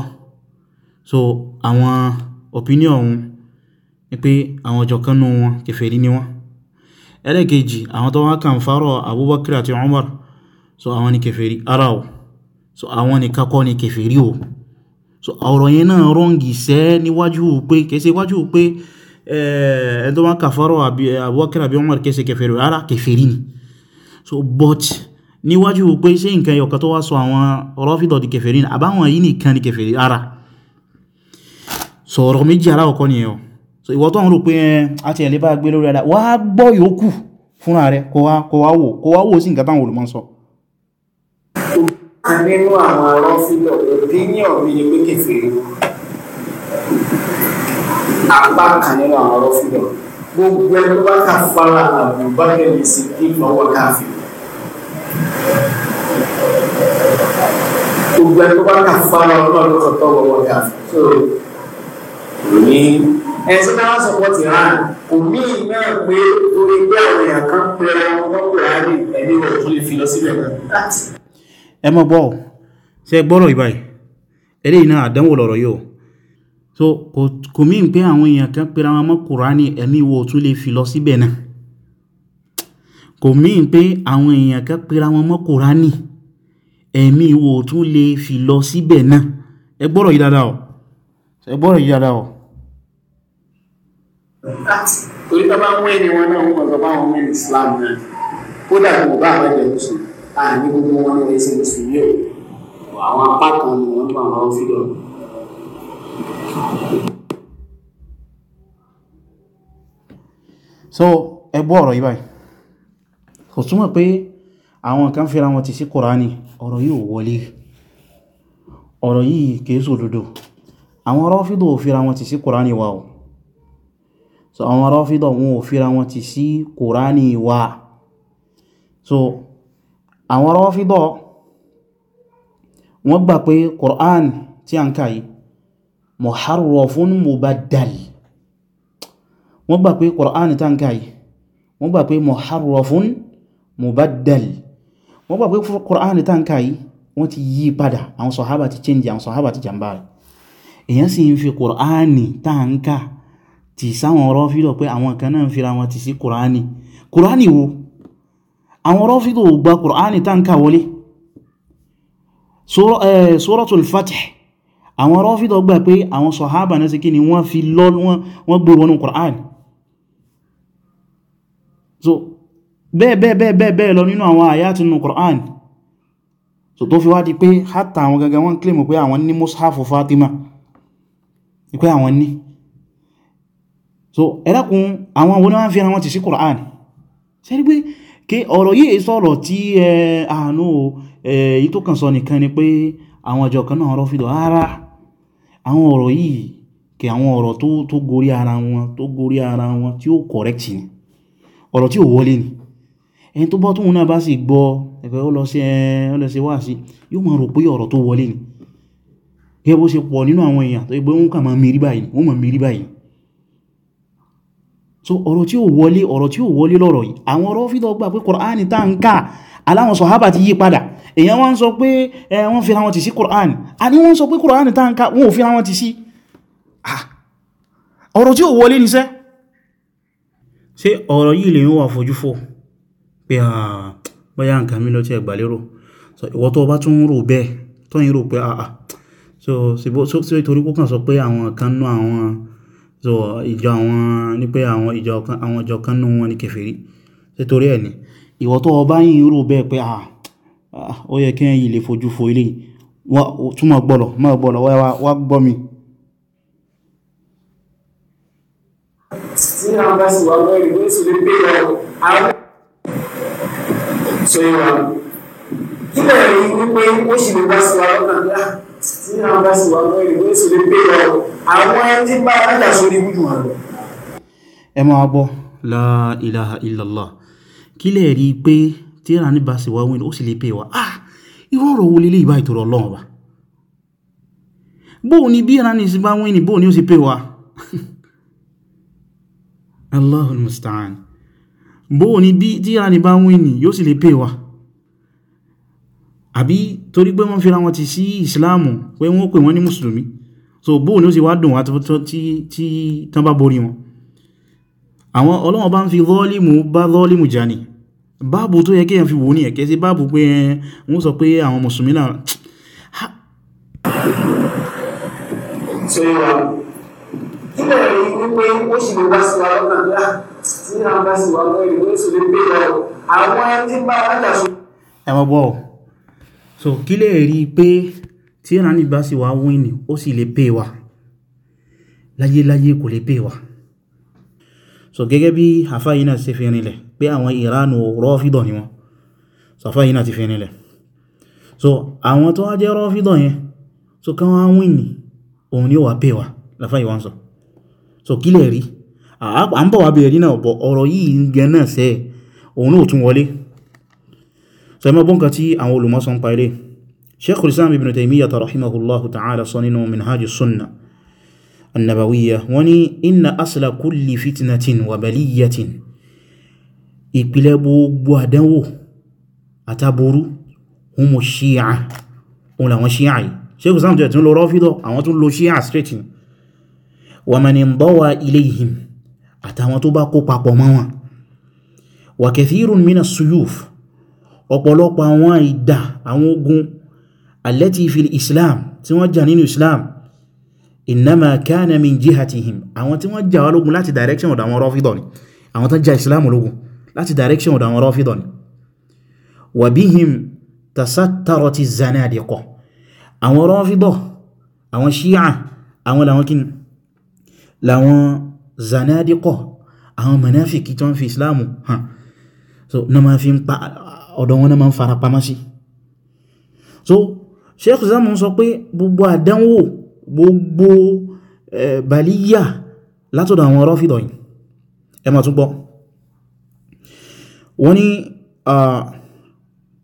so àwọn opinion ọ̀hún ni pé àwọn ọjọ́ kan nú wọn kèfèrí ni wọ́n ẹlẹ́kejì àwọn tó wá kàn fárọ̀ Abubakar àti Umar so àwọn ni kèfèrí ara ọ̀ so àwọn nìkan kọ́ ni kèfèrí o so ọ̀rọ̀ yẹn náà rọ́ǹgì sẹ́ níwájú pé kẹsẹ̀ wájú pé eh, ẹ̀ẹ́n tó bá kàfàrọ̀ àbúwákẹ́rẹ́ eh, àbí Umar kẹsẹ̀ kèfèrí rárá kèfèrí ni so but níwájú pé ṣe nǹkan ẹyọ̀ká tó wá sọ àwọn Rāfidah di kèfèrí ni àbáwọn yìí nìkan ni kèfèrí rárá so ọ̀rọ̀ méjì aláwọ̀kọ́ ni ẹ̀ so ìwọ tó ń rò pé àti eh, ẹ̀lẹ́bá gbé lórí rárá wá gbọ́ yòókù fúnra rẹ̀ kó wá wò sí nǹkan táwọn olùmọ̀ sọ so kan nínú àwọn ọ̀rọ̀ fílọ̀ opinion mi ni pé kẹfìrí apá kan nínú àwọn ọ̀rọ̀ fílọ̀ gbogbo ẹni tó bá kà fara àbùbá kẹ́lẹ́ sí kí lọ́wọ́ káfíìn. gbogbo ẹni tó bá kà fara ọlọ́run ló kàn tọ́ lọ́wọ́ káfíìn. ní ẹ̀sìn náà sọ̀pọ̀ ti rà kò ní iná pé orí gbé àwọn èèyàn kan pẹ̀lú ọmọ pẹ̀lú ẹni wọ̀ tó lè fi lọ sílẹ̀ náà ẹ mọ́ gbọ́ ṣe gbọ́rọ̀ ìbáyì eléyìí náà àdánwò lọ̀rọ̀ yóò so kò mí pé àwọn èèyàn kan pera wọn mọ́ kùránì ẹ̀mí wo tún lè fi lọ síbẹ̀ náà kò mí pé àwọn èèyàn kan pera wọn mọ́ kùránì ẹ̀mí wo tún lè fi lọ síbẹ̀ náà ẹ gbọ́rọ̀ yìí dáadáa o ẹ gbọ́rọ̀ yìí dáadáa o torí tọ́ bá ń wé ni wọn náà ń kọ̀ọ̀tọ̀ bá wọn mẹ́rin Islam náà kódà kò bá àwọn ẹgbẹ̀rún sùn àní gbogbo wọn ní ẹsẹ̀ mùsùlùmí o àwọn apá kan ni wọ́n gbà wọ́n fi lọ. so ẹ gbọ́ ọ̀rọ̀ yìí báyìí kò túmọ̀ pé àwọn kan fira wọn ti sí kòránì ọ̀rọ̀ yìí ò wọlé ọ̀rọ̀ yìí kìí sòdodo àwọn rọ́fídọ̀ ò fira wọn ti sí kòránì wa o so àwọn rọ́fídọ̀ wọn ò fira wọn ti sí kòránì wa so àwọn Rāfidah wọ́n gbà pé Qur'an tí a ń kà yìí muharrafun mubaddal wọ́n gbà pé Qur'an tí a ń kà yìí wọ́n gbà pé muharrafun mubaddal wọ́n gbà pé Qur'an tí a ń kà yìí wọ́n ti yí padà àwọn sọ̀hábà ti change àwọn sọ̀hábà ti jàmbá rẹ̀ èyàn sì ń fi Qur'an tí a ń kà tì sáwọn Rāfidah pé àwọn kan náà ń fira wọn ti sí Qur'an Qur'an wo àwọn rọ́fídò gba kùránì tánkà wọlé eh, suratul fath àwọn rọ́fídò gbà pé àwọn sọ̀hábà náà sí kí ni wọ́n fi lọ́l wọ́n gbòrò wọn kùránì so bẹ́ẹ̀bẹ́ẹ̀bẹ́ẹ̀ lọ nínú àwọn àyátì nínú kùránì so tó fi wá di pé hátà àwọn gangan wọ́n kílèmù pé àwọn ní mushafu Fatima pé àwọn ní so ẹ̀rẹ́kùn àwọn wọn wọ́n fi ara wọn ti sí kùránì sẹ́rí pé kí ọ̀rọ̀ yìí sọ̀rọ̀ tí àánú èyí tó kàn sọ nìkan ni pé àwọn ọjọ́ kan náà rọ́fìdọ̀ ara àwọn ọ̀rọ̀ yìí kí àwọn ọ̀rọ̀ tó gorí ara wọn tó gorí ara wọn tí ó correct ni ọ̀rọ̀ tí ó wọlé ni ẹni tó bọ́ tóun náà bá sì gbọ́ ẹ̀fẹ́ ó lọ sí ẹ̀ẹ́ ó lọ sí wáàsí yóò máa rò pé ọ̀rọ̀ tó wọlé ni gẹ́gẹ́ bó ṣe pọ̀ nínú àwọn èèyàn tó gbé wọn kà máa mìírí báyìí wọ́n máa mìírí báyìí so ọ̀rọ̀ tí ó wọlé ọ̀rọ̀ tí ó wọlé lọ́rọ̀ yìí àwọn Rọ́fídà gbà pé Kùránì tá ń ká aláwọn sọ̀hábà ti yí padà èyàn wọ́n sọ pé wọ́n fi àwọn ti sí Kùránì a ní wọ́n sọ pé Kùránì tá ń ká wọ́n ò fi àwọn ti sí ọ̀rọ̀ tí ó wọlé níṣẹ́ ṣé ọ̀rọ̀ yìí lè wà fojú fò pé bóyá nǹkan mi lọ tí ẹgbà lérò ìwọ tó bá tún rò bẹ́ẹ̀ tó yìí rò pé àà so sí torí pọ́kàn sọ pé àwọn kan nú àwọn so ìjọ àwọn ní pé àwọn ìjọ kan àwọn ìjọ kan nú wọn ni kèfèrí nítorí ẹ̀ ni ìwọ tó o bá yìn rò bẹ́ẹ̀ pé à ah, ah, ó yẹ kí ẹ̀yin lè fojú fo eléyìí wọ́n túmọ̀ gbọ́lọ̀ mọ́ gbọ́lọ̀ wá gbọ́ mi. tí ìwà kí lè rí wípé ó sì lè bá sí wa lọ́kàn ah, ní ẹ máa gbọ́ la ilaha kí lè rí pé tí ìran ní bá sì wá ó sì lè pè wá ah irú ọ̀rọ̀ wo lélẹ́ ìbá ìtòrò ọlọ́run wa bóò ni bí ìran ní sí bá wíni bóò ni ó sì pè wá bóò ni bí tí ìran ní bá yóò sì lè pè wá àbí torí pé wọ́n fira wọn ti sí ìsìláàmù pé wọ́n pè wọ́n ní mùsùlùmí so bóò ní ó sì wá dùn wá tí tán bá borí wọn àwọn ọlọ́wọ́n bá ń fi zọ́ọ̀lìmù bá zọ́ọ̀lìmù jà ní báàbù tó yẹ kí èèyàn fi wò ní ẹ̀kẹ́ sí báàbù pé wọ́n sọ pé àwọn mùsùlùmí náà so ah, bọ́ọ̀ So kí lè rí pé tí Ìránì bá sì wá win ó sì lè pay wa láyéláyé kò lè pay wa so gẹ́gẹ́ bí àfá yìí náà ṣe fi rinlẹ̀ pé àwọn Ìránù Rọ́fídọ̀ ni wọn so àfá yìí náà ti fi rinlẹ̀ so àwọn tó wá jẹ́ Rọ́fídọ̀ yẹn so kan wá win òun ni ó wà pay wa láfá yìí wọ́n sọ so kí lè rí à ń bọ̀ wá bèèrè náà ọ̀rọ̀ yìí gan náà sẹ́ òun náà tún wọlé so ẹ mọ́ bọ́nkan tí àwọn olùmọ́sán pa ilé sheikhul islam ibn taymiyyah rahimahullahu ta'ala sọ nínú minhaj sunna annabawiyya wọ́n ní inna asla kulli fitnatin wa baliyatin ìpìlẹ̀ gbogbo àdánwò àtàbúrú humu shia òun làwọn shia yìí sheikhul islam tún lọ rọ́fídọ̀ àwọn tún lọ shia straight wa manin dawa ilayhim suyuf ọ̀pọ̀lọpọ̀ àwọn ìdà àwọn ogun alẹ́tí fi islam tí wọ́n jà nínú islam innama kana min jihatihim àwọn tí wọ́n jà wá lógun láti direction ọ̀dọ̀ àwọn rọ́fídọ̀ ni àwọn tó jà islam lógun láti direction ọ̀dọ̀ àwọn rọ́fídọ̀ ni wa bihim tasattarati zanadiqa àwọn rọ́fídọ̀ àwọn ṣíà àwọn làwọn kí làwọn zanadiqa àwọn manáfíkì tó ń fi islam so na ma ọ̀dọ̀ wọn náà ma ń fara pamọ́ sí so sheikh zamun sọ pé gbogbo àdánwò gbogbo baliya látọ̀dọ̀ àwọn rọ́fìdọ̀ yìí ẹ ma tún gbọ́ wọ́n ni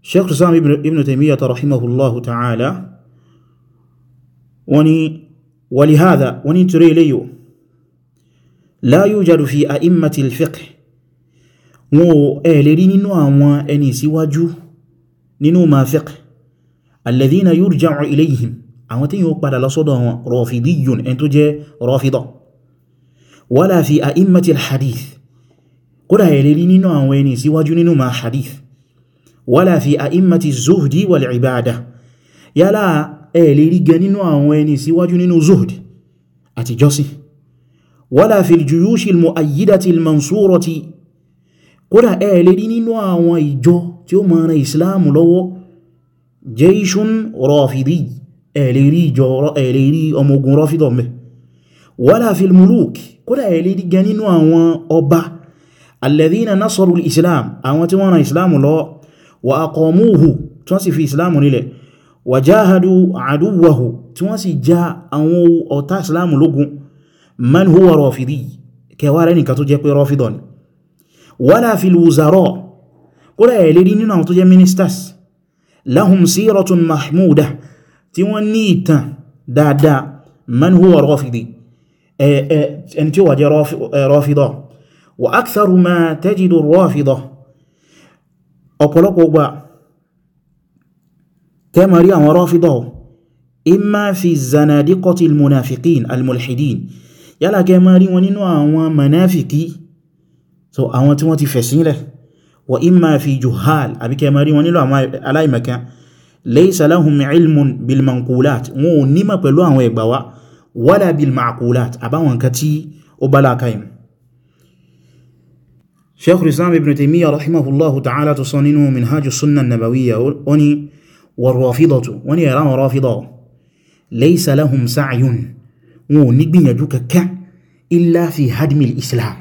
sheikh zamun ibn taimiyyata rahimahullahu ta'ala wọ́n ni walihada wọ́n ni ture ilayo la yujadu fi a'immatil fiqh wọn ò ẹ̀ lè rí nínú àwọn ẹni síwájú nínú mafiq alladhina yurja'u ilayhim àwọn tí yíò padà lọ́sọ́dọ̀ wọn rọ̀fìdíyùn ẹni tó jẹ́ rọ̀fìdọ̀ wala fi a'immati al-hadith kódà ẹ̀ lè rí nínú àwọn ẹni síwájú nínú ma hadith wala fi a'immati zuhdi wal-ibada yálà ẹ̀ rí gan nínú àwọn ẹni síwájú nínú zuhdi àti jọ́sìn wala fi al kódà ẹ lè rí nínú àwọn ìjọ tí ó mọ̀ ran ìsìláàmù lọ́wọ́ jayshun rafidi ẹ lè rí ìjọ ẹ lè rí ọmọ ogun rafidọ̀ mẹ́ wala fil muluk kódà ẹ lè rí gan nínú àwọn ọba alladhina nasaru islam àwọn tí wọ́n ran ìsìláàmù lọ́wọ́ wa aqamuhu tí wọ́n sì fi ìsìláàmù nílẹ̀ wa jahadu aduwahu tí wọ́n sì já àwọn ọ̀tá ìsìláàmù lógun man huwa rafidi kẹwàá rẹ̀ nìkan tó jẹ́ pé rafidọ̀ ni wala fil wuzara kódà ẹ̀ lérí nínú àwọn tó jẹ́ ministers lahum siratun mahmuda tí wọ́n ní ìtàn dáadáa man huwa rọ́fìdì ẹni tí ó wà jẹ́ rọ́fìdọ̀ wa aktharu ma tajidu rọ́fìdọ̀ ọ̀pọ̀lọpọ̀ gbà tẹ́mà àwọn rọ́fìdọ̀ imma fi zanadiqati almunafiqin almulhidin yálà kẹ́ wọn nínú àwọn manafiki so àwọn tí wọ́n ti fẹ̀sílẹ̀ wa imma fi juhal àbí kẹ́ mẹ́rí wọn nílò àwọn aláìmọ̀kan laysa lahum ilmun bil manqulat wọn ò nímọ̀ pẹ̀lú àwọn ẹgbà wa wala bil ma'qulat àbáwọn nǹkan tí ó bá lákàyìn illa fi hadmil islam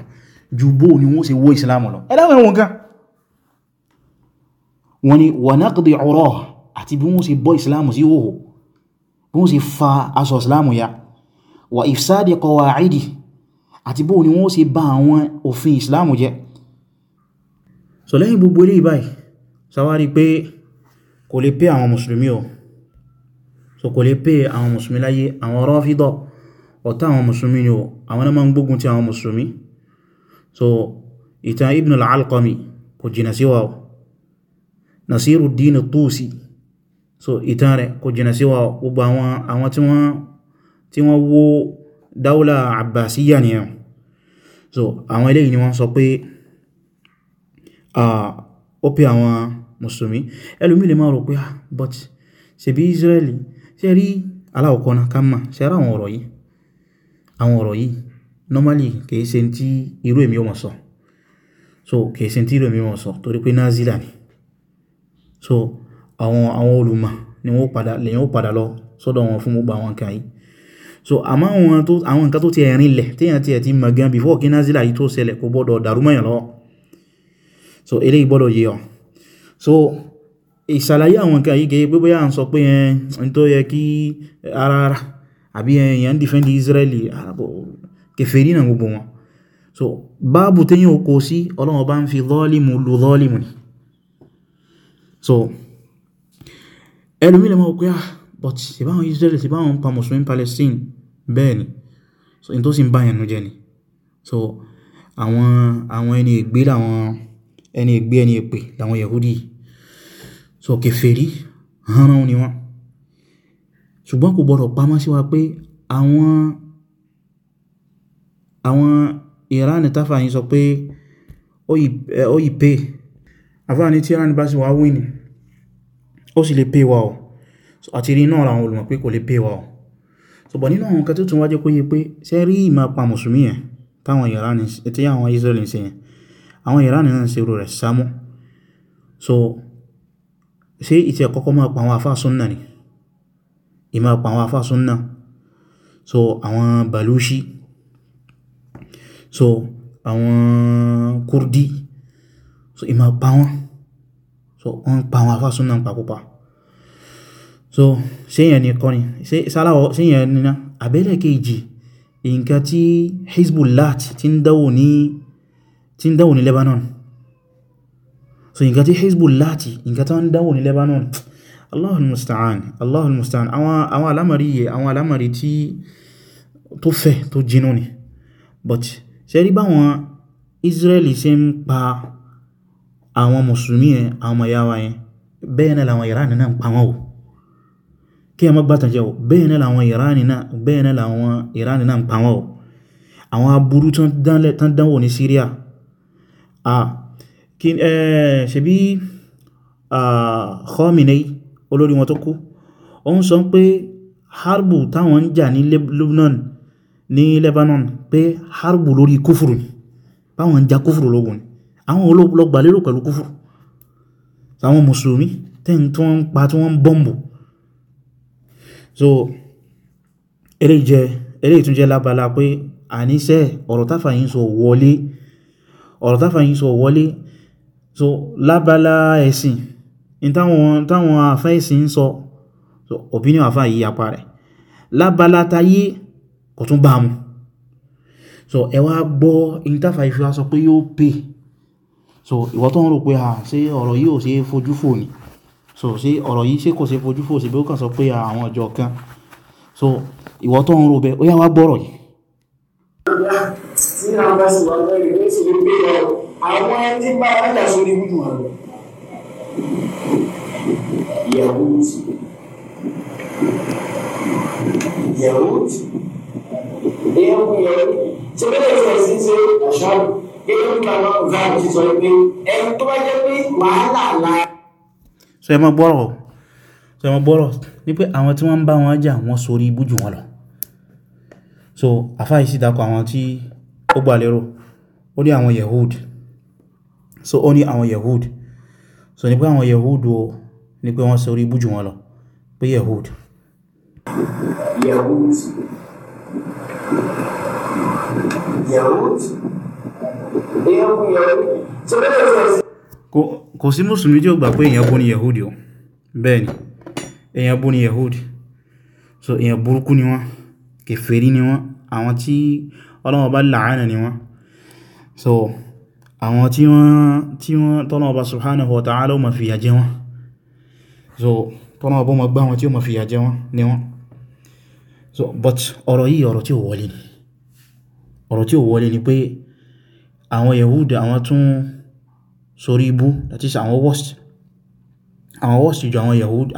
ju bó ni wọ́n ṣe wó ìsìlámù lọ ẹ̀dáwọn ẹ̀wọ̀n gan wọ́n ni wà náà kìdí ọ̀rọ̀ àti bí wọ́n ṣe bọ́ ìsìlámù sí hóhò bí wọ́n ṣe fa aṣọ ìsìlámù ya wà ìfsáàdì qawaidi àti bó ni wọ́n ṣe bá àwọn òfin ìsìlámù jẹ́ ọ̀tá àwọn mùsùlùmí ni o àwọn náà gbógun ti àwọn mùsùlùmí so ìtàn ibn al-alqami kò jìnà sí wa tusi so ìtàn rẹ̀ kò jìnà sí wa gbogbo àwọn tí wọ́n tí wọ́n wó dáúlà ni ẹ̀rùn so àwọn eléyìí ni wọ́n sọ pé ó pé àwọn mùsùlùmí ẹlòmí lè máa rò pé ah, but ṣe bí israeli ṣe rí aláwọ̀kọ́ná ká mà ṣe rá àwọn ọ̀rọ̀ yìí àwọn ọ̀rọ̀ normally kì í ṣe tí irú èmi ò mọ̀ sọ so kì í ṣe tí irú èmi ò mọ̀ sọ torí pé nazila ni so àwọn àwọn olùmọ̀ ni wọ́n padà lẹ́yìn ó padà lọ sọ́dọ̀ wọn fún gbogbo àwọn nǹkan yìí so àmọ́ àwọn tó àwọn nǹkan tó ti ẹ̀rin lẹ̀ téèyàn ti ẹ̀ ti mọ̀ gan before kí nazila yìí tó ṣẹlẹ̀ kò gbọ́dọ̀ dàrú mọ́yàn lọ́wọ́ so eléyìí gbọ́dọ̀ yé ọ so ìṣàlàyé àwọn nǹkan yìí gẹ́gẹ́ pé bóyá à ń sọ pé ẹn tó yẹ kí ara ara àbí ẹ̀yàn ń dìfẹ́ndì Israeli kèfèrí náà gbogbo wọn so báàbù tẹ́yìn oko sí ọlọ́wọ́n bá ń fi zalimu lu zalimu ni so ẹlòmí lè máa pé ah, but ṣèbáwọn Israel ṣèbáwọn ń pa mùsùlùmí Palestine bẹ́ẹ̀ ni so in tó sì ń bá yẹnu jẹ ni so àwọn àwọn ẹni ègbé làwọn ẹni ègbé ẹni èpè làwọn Yahudi so kèfèrí hánà ni wọn ṣùgbọ́n kò gbọdọ̀ pamọ́ sí wa pé àwọn àwọn Iran tafa yìí sọ pé ó yí pay àfáà ní tí Iran bá sì wá win ó sì lè pay wa o so àti rí náà àwọn olùmọ̀ pé kò lè pay wa o so bọ̀ nínú àwọn nǹkan tó tún wá jẹ́ kó pé ṣe rí ìmọ̀ pa mùsùlùmí yẹn táwọn Iran tí àwọn Israel ń ṣe yẹn àwọn Iran náà ṣe rú rẹ̀ sámú so ṣe ìtì ẹ̀kọ́kọ́ máa pa àwọn àfáà súnnà ni ìmọ̀ pa àwọn àfáà súnnà so àwọn Balushi so àwọn kurdi so ìmọ̀ pa wọ́n so wọ́n pa àwọn afá súnà pàkópa so ṣéyàn ní kọ́ni sáláwọ̀ ṣéyàn níná àbẹ́lẹ̀ kejì nǹkan tí Hezbollah ti ń dáwò ní ti ń dáwò ní Lebanon so nǹkan tí Hezbollah ti nǹkan tó ń dáwò ní Lebanon Allahul musta'an Allahul musta'an àwọn alámàrí yẹ àwọn alámàrí tí tó fẹ́ tó jinú ni but Ṣé rí bá àwọn Israeli ṣe ń pa àwọn Mùsùlùmí yẹn, àwọn ọmọ ìyá yẹn, bẹ́ẹ̀ náà làwọn Iran náà ń pa wọ́n o. Kí eyan má jẹ́ o. Bẹ́ẹ̀ náà làwọn Iran náà, bẹ́ẹ̀ náà làwọn Iran náà ń pa wọ́n o. Àwọn aburú tí dánwò ní Syria. À, kí, ẹ́, ṣèbí, à, Khomeini olórí wọn tó kú. Ó ń sọ pé harbu táwọn ń jà ní Lebanon ní Lebanon pé harbu lórí kúfùrù ni báwọn ń ja kúfùrù lógun ni àwọn olóògbà lérò pẹ̀lú kúfùrù àwọn mùsùlùmí tẹ́yìn tí wọ́n ń pa tí wọ́n ń bọ́m̀bù so eré jẹ eré ìtúnjẹ lábala pé àníṣẹ́ ọ̀rọ̀ táfà yìí sọ wọlé ọ̀rọ̀ táfà yìí sọ wọlé so lábala ẹ̀sìn ní táwọn àfẹ́ ìsìn ń sọ opinion àfà yìí apá rẹ̀ lábala tayé kò tún bá mú so ẹ wá gbọ́ ìntàfà ìfíwá sọ pé yóò pè so ìwọ tó ń rò pé à ṣé ọ̀rọ̀ yìí ò ṣe é fojú fò ní so ṣé ọ̀rọ̀ yìí ṣe kò ṣe fojú fò sí bí sọ pé àwọn ọjọ́ kan so ìwọ tó ń rò bẹ ó yá wá gbọ́rọ̀ yìí tí náà èèyàn kú yẹ ṣe bí lẹ́yìn ṣe ṣe ṣe àṣàrò gẹ́gẹ́ bí kan náà ọ̀gá àti sọ pé ẹni tó bá jẹ́ pé wàhálà la. sọ ẹ mọ gbọ́rọ̀ sọ ẹ mọ gbọ́rọ̀ ni pé àwọn tí wọ́n ń bá wọn jà wọ́n sórí ibú jù wọn lọ so àfáà yìí sì dákọ àwọn tí ó gbà lérò ó ní àwọn Yehud so ó ní àwọn Yehud so ní pé àwọn Yehud o ní pé wọ́n sórí ibú jù wọn lọ pé Yehud. Yehud. Yahud èèyàn kú Yahudi tí ó bẹ́ẹ̀ sọ kò sí mùsùlùmí tí ó gbà pé èèyàn bú ní Yahudi o bẹ́ẹ̀ ni bú ní Yahudi so èèyàn burúkú ni wọ́n kèfèrí ni wọ́n àwọn tí Ọlọ́run bá làánà ni wọ́n so àwọn tí wọ́n tí wọ́n tọ́nà ọba subhanahu wa ta'ala ó ma fìyà jẹ wọ́n so tọ́nà ọba ó ma gbá wọn tí ó ma fìyà jẹ wọ́n ni wọ́n so but ọ̀rọ̀ yìí ọ̀rọ̀ tí ó wọlé ni ọ̀rọ̀ tí ó wọlé ni pé àwọn Yahud àwọn tún sórí ibú that is àwọn worst àwọn worst ju àwọn Yahud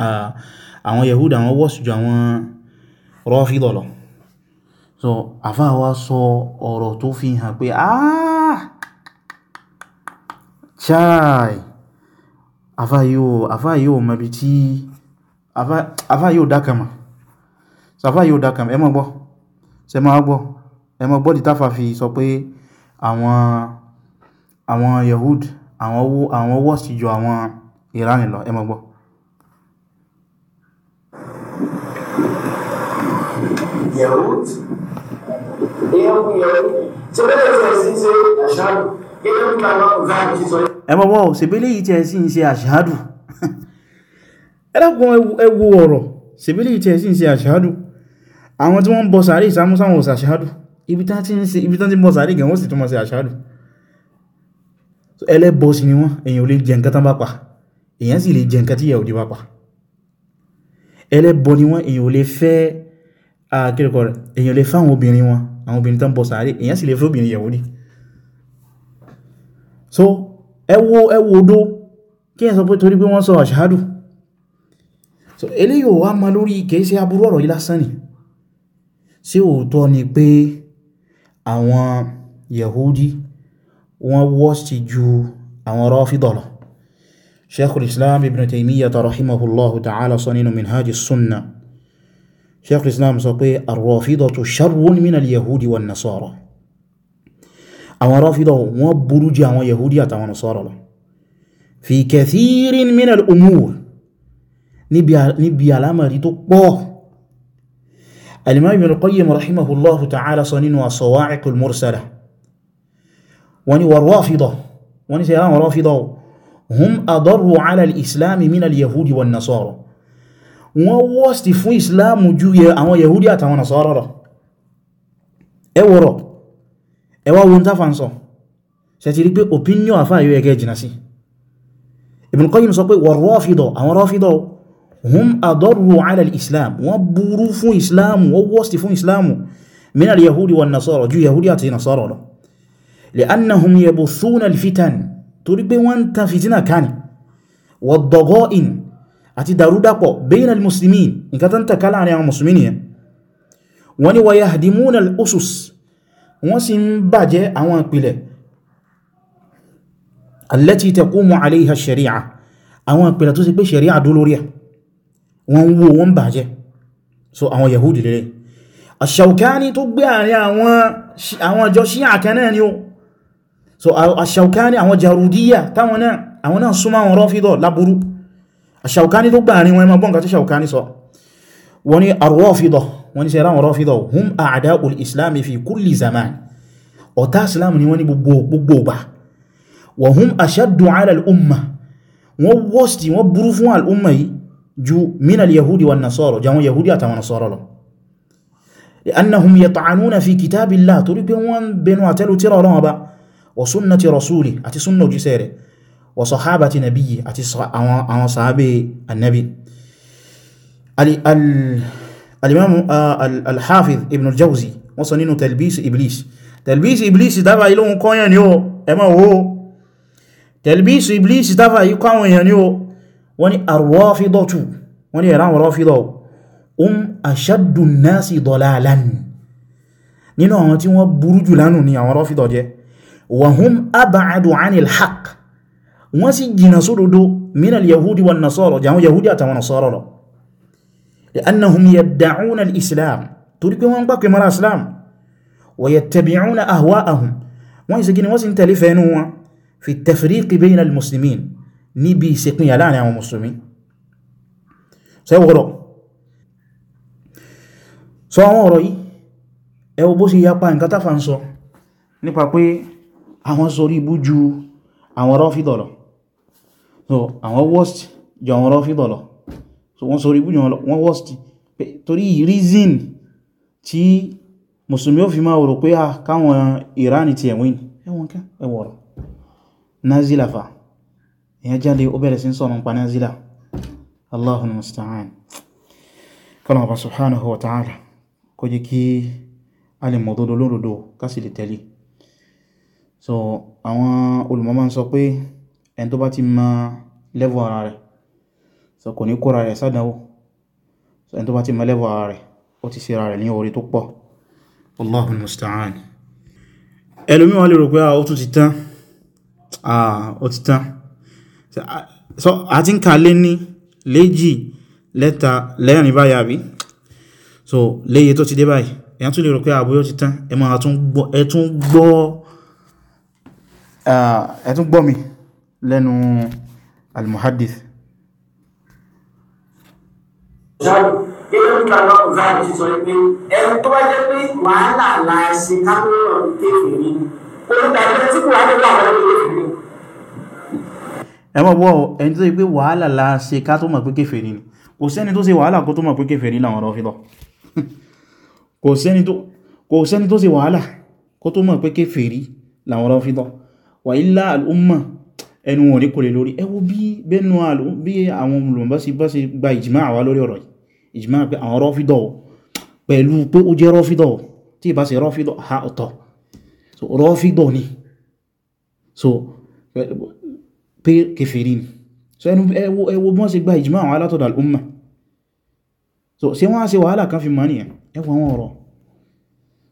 àwọn Yahud àwọn worst ju àwọn Rafida lọ so àfáà wa sọ ọ̀rọ̀ tó fi hàn pé ah chai àfáà yóò àfáà yóò mọ̀bí tí àfáà yóò dákàmà sàfá yóò dá kàmì ẹmọ́ gbọ́ ṣe máa gbọ́ ẹmọ́ gbọ́ dìtàfà fi sọ pé àwọn àwọn Yahud àwọn owó àwọn wọ́ sí jọ àwọn Iran lọ ẹmọ́ gbọ́ Yahud ẹmọ́ wọ́n ṣèbílẹ̀ yìí tẹ́ sí ń ṣe àṣàádù ẹlẹ́kùn ẹwọ ọ̀rọ̀ ṣèbílẹ̀ yìí tẹ́ sí ń ṣe àṣàádù àwọn tí wọ́n ń bọ sàárì ìsámúsáwọn òsà ṣáàdù ibi tán ti ń bọ sàárì gan wọ́n sì tún mọ́ sí àṣáàdù ẹlẹ́bọ sí ni wọ́n èyàn ò lè jẹ nǹkan tán bá pa èyàn sì lè jẹ nǹkan tí yà òdí bá pa ẹlẹ́bọ ni wọ́n èyàn ò lè fẹ́ akẹ́kọ̀ọ́ rẹ̀ èyàn ò lè fẹ́ àwọn obìnrin wọn àwọn obìnrin tán bọ sàárì èyàn sì lè fẹ́ obìnrin yẹ̀wò ní so ẹwọ ẹwọ odó kí ẹ sọ pé torí pé wọ́n sọ àṣáàdù so eléyìí ò wá ma lórí kèése aburú ọ̀rọ̀ yìí lásán ni Ṣé òótọ́ ni pé àwọn Yahudi wọ́n worst ju àwọn Rafida lọ? Sheikhul Islam Ibn Taymiyyah rahimahullahu ta'ala sọ nínú Minhaj Sunnah. Sheikhul Islam sọ pé ar-Rafidatu sharrun min al-Yahudi wa Nasara. Àwọn Rafida wọ́n burú ju àwọn Yahudi àtàwọn Nasara lọ. Fi kathirin min al-umur níbi alámàrí tó pọ̀ alimọ́ Ibn Qayyim rahimahullahu ta'ala sọ nínú as-Sawa'iqul Mursalah wọ́n ni warrafida wọ́n ni sẹ́yà àwọn rafida hum adarru ala al-islam min al-yahudi wa nasara wọ́n wọ́sì fún islam ju àwọn yahudi àtàwọn nasara rọ̀ ẹwọ́rọ̀ ẹwà wọn tàfà ń sọ ṣe ti rí pé opinion àfáà yóò ẹgẹ́ jìnà sí Ibn Qayyim sọ pé warrafida àwọn rafida hum adarru ala islam wọ́n burú fún islam wọ́n wọ́sí fún islam min al-yahudi wa nasara ju yahudi àti nasara lọ li'annahum yabuthuna al-fitan torí pé wọ́n ta fitina kani wa daga'in àti darúdapọ̀ bayna al-muslimin nǹkan tán taka láàrin àwọn musulmi yẹn wọ́n ni wa yahdimuna al-usus wọ́n sì ń bàjẹ́ àwọn ìpìlẹ̀ allati taqumu alayha ash-shari'a àwọn ìpìlẹ̀ tó sì pé sharia dúlórí wọ́n ń wó wọ́n bàjẹ́ so àwọn yahudi lè aṣaukani tó gbé àárín àwọn àjọ ṣíyà kan ni ó so aṣaukani àwọn jarudiyya táwọn náà àwọn náà súnmọ́ àwọn rọ́fídọ̀ láburú aṣaukani tó gbé àárín wọn ẹmọ bọ́nkà tí aṣaukani sọ wọ́n ni arọ́fídọ̀ wọ́n ni sẹ́ra àwọn rọ́fídọ̀ hum a'da'ul islami fi kulli zaman ọ̀tá islam ni wọ́n ni gbogbo ọgbà wa جو من اليهود والنصارى جاءوا nasara jàwọn yahudi لأنهم يطعنون في كتاب الله تريبون بين واتلو ترى رابا وسنة رسوله أتي سنة جسيرة وصحابة نبي أتي صحابة النبي ال ال الإمام آه، الحافظ ابن الجوزي وصنين تلبيس إبليس تلبيس إبليس دابا إلوه كون ينيو أما هو تلبيس إبليس دابا يكون ينيو wọ́n ni arwafidatu wọ́n ni ẹ̀ráwọn rọ́fídọ̀ um ashaddu nasi dalalan nínú àwọn tí wọ́n burú jù lánù ni àwọn rọ́fídọ̀ jẹ́ wa hum ab'adu anil haqq wọ́n sì jìnà sódodo minal yahudi wan nasara jàwọn yahudi àtàwọn nasara lọ li'annahum yadda'una al-islam torí pé wọ́n ń pàpẹ mara islam wa yattabi'una ahwa'ahum wọ́n ìsìnkí ni wọ́n sì ń tẹ̀lé fẹ́nu wọn fi tafriqi bayna al-muslimin níbi ìṣẹ́pínyà láàrin àwọn mùsùlùmí sẹ́wọ̀rọ̀ sọ àwọn ọ̀rọ̀ yìí ẹ wò bó ṣe yapa nǹkan tàfà ń sọ nípa pé àwọn sọrí ibú ju àwọn Rāfidah lọ so àwọn worst ju àwọn Rāfidah lọ so wọ́n sọrí ibú ju wọ́n worst torí reason tí mùsùlùmí ò fi máa rò pé ah, káwọn Iran ti ẹ̀wọ̀n ẹ̀wọ̀n kan ẹ̀wọ̀rọ̀ nazilafa èyàn jáde ó bẹ̀rẹ̀ sí sọ̀rọ̀ nípa nazila allahul musta'an kọ́nà ọba subhanahu wa ta'ala kó jẹ́ kí a lè mọ̀dọ́dọ́ lóòdòdó kásì lè tẹ̀lé so àwọn olùmọ́mọ́ ń sọ pé ẹni tó bá ti ma level ara rẹ̀ so kò ní kóra rẹ̀ sádánwò so ẹni tó bá ti ma level ara rẹ̀ ó ti síra rẹ̀ ní orí tó pọ̀ allahul musta'an ẹlòmíwà lè rò pé a ah, ó tún ti tán a ah, ó ti tán so a ti ń ka lé ní léjì lẹ́ta lẹ́rin báyìí àbí so léye tó ti dé báyìí èyàn tún lè rò pé àbúyọ́ ti tán ẹ máa tún gbọ́ ẹ tún gbọ́ ẹ tún gbọ́ mi lẹ́nu al-muhaddith lórí tó bá pé wàhálà la ṣe ká tó rọrùn kéfèé ní. tí kò wá lè wà ẹmọ́ gbọ́ ẹni tó yí pé wàhálà la ṣe ká tó mọ̀ pé kèfèrí ni kò sẹ́ni tó ṣe wàhálà kó tó mọ̀ pé kèfèrí làwọn Rāfidah kò sẹ́ni tó ṣe wàhálà kó tó mọ̀ pé kèfèrí làwọn Rāfidah wà ilá al'umma ẹnu wọn ní kò lè lórí ẹwọ bí bẹ́nu bí àwọn olùmọ̀ bá ṣe gba ìjìmá àwá lórí ọ̀rọ̀ ìjìmá pé kèfèrí ni so ẹwọ bí wọ́n ṣe gba ìjìmá àwọn alátọ̀dà al'umma so ṣe wọ́n á ṣe wàhálà kan fi mọ́ nìyàn ẹwọ àwọn ọ̀rọ̀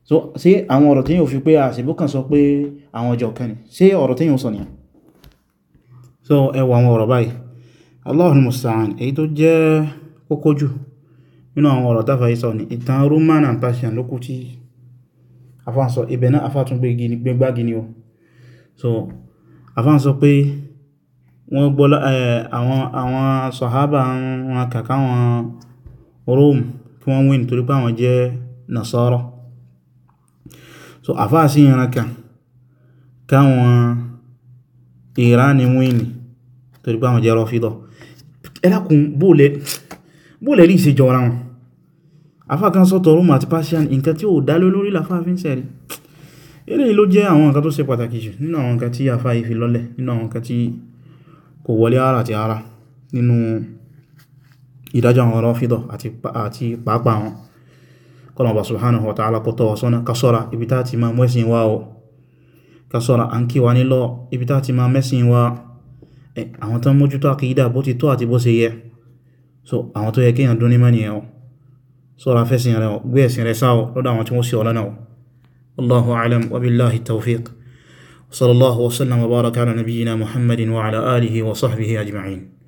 so ṣe àwọn ọ̀rọ̀ tí yíò fi pé àṣìbókàn sọ pé àwọn ọjọ́ kan ni ọ̀rọ̀ tí sọ nìyàn so ẹwọ àwọn ọ̀rọ̀ báyìí Allahul musta'an èyí tó jẹ́ kókó jù nínú àwọn ọ̀rọ̀ tàfà yìí sọ ni ìtàn Roman and Persian lókù tí so afáàsọ pé wọ́n gbọ́lá àwọn àwọn sọ̀hábà wọn kàkà àwọn Rome kí wọ́n win torí pé àwọn jẹ́ Nasara so àfáà sí ìranka káwọn Ìránì win torí pé àwọn jẹ́ Rafida ẹlákùn bóòlẹ̀ rí ìsẹjọ ara wọn afá kan sọ́tọ̀ Rome àti Persian nǹkan tí ó dá lórí láfáà fi ń sẹ̀rí eléyìí ló jẹ́ àwọn nǹkan tó ṣe pàtàkì jù nínú àwọn nǹkan tí afá yìí fi lọ́lẹ̀ nínú àwọn nǹkan tí kò wọlé ara àti ara nínú ìdájọ́ àwọn Rāfidah àti pàápàá wọn kọlọ̀bà subhanahu wa ta'ala kó tọ́ wa sọ́nà ká ṣọ́ra ibi tá ti ma mẹ́sìn wá o ká ṣọ́ra à ń kí wa nílọ ibi tá ti ma mẹ́sìn wá àwọn tán mójútó àkídà bó ti tó àti bó ṣe yẹ so àwọn tó yẹ kí èèyàn dún ní mẹ́ni ẹ̀họ́ ṣọ́ra fẹ́sìn rẹ̀ gbé ẹ̀sìn rẹ̀ sáà lọ́dọ̀ àwọn tí wọ́n sì ọ̀lọ́nà Allahu a'lam wa billahi صلى الله وسلم وبارك على نبينا محمد وعلى اله وصحبه اجمعين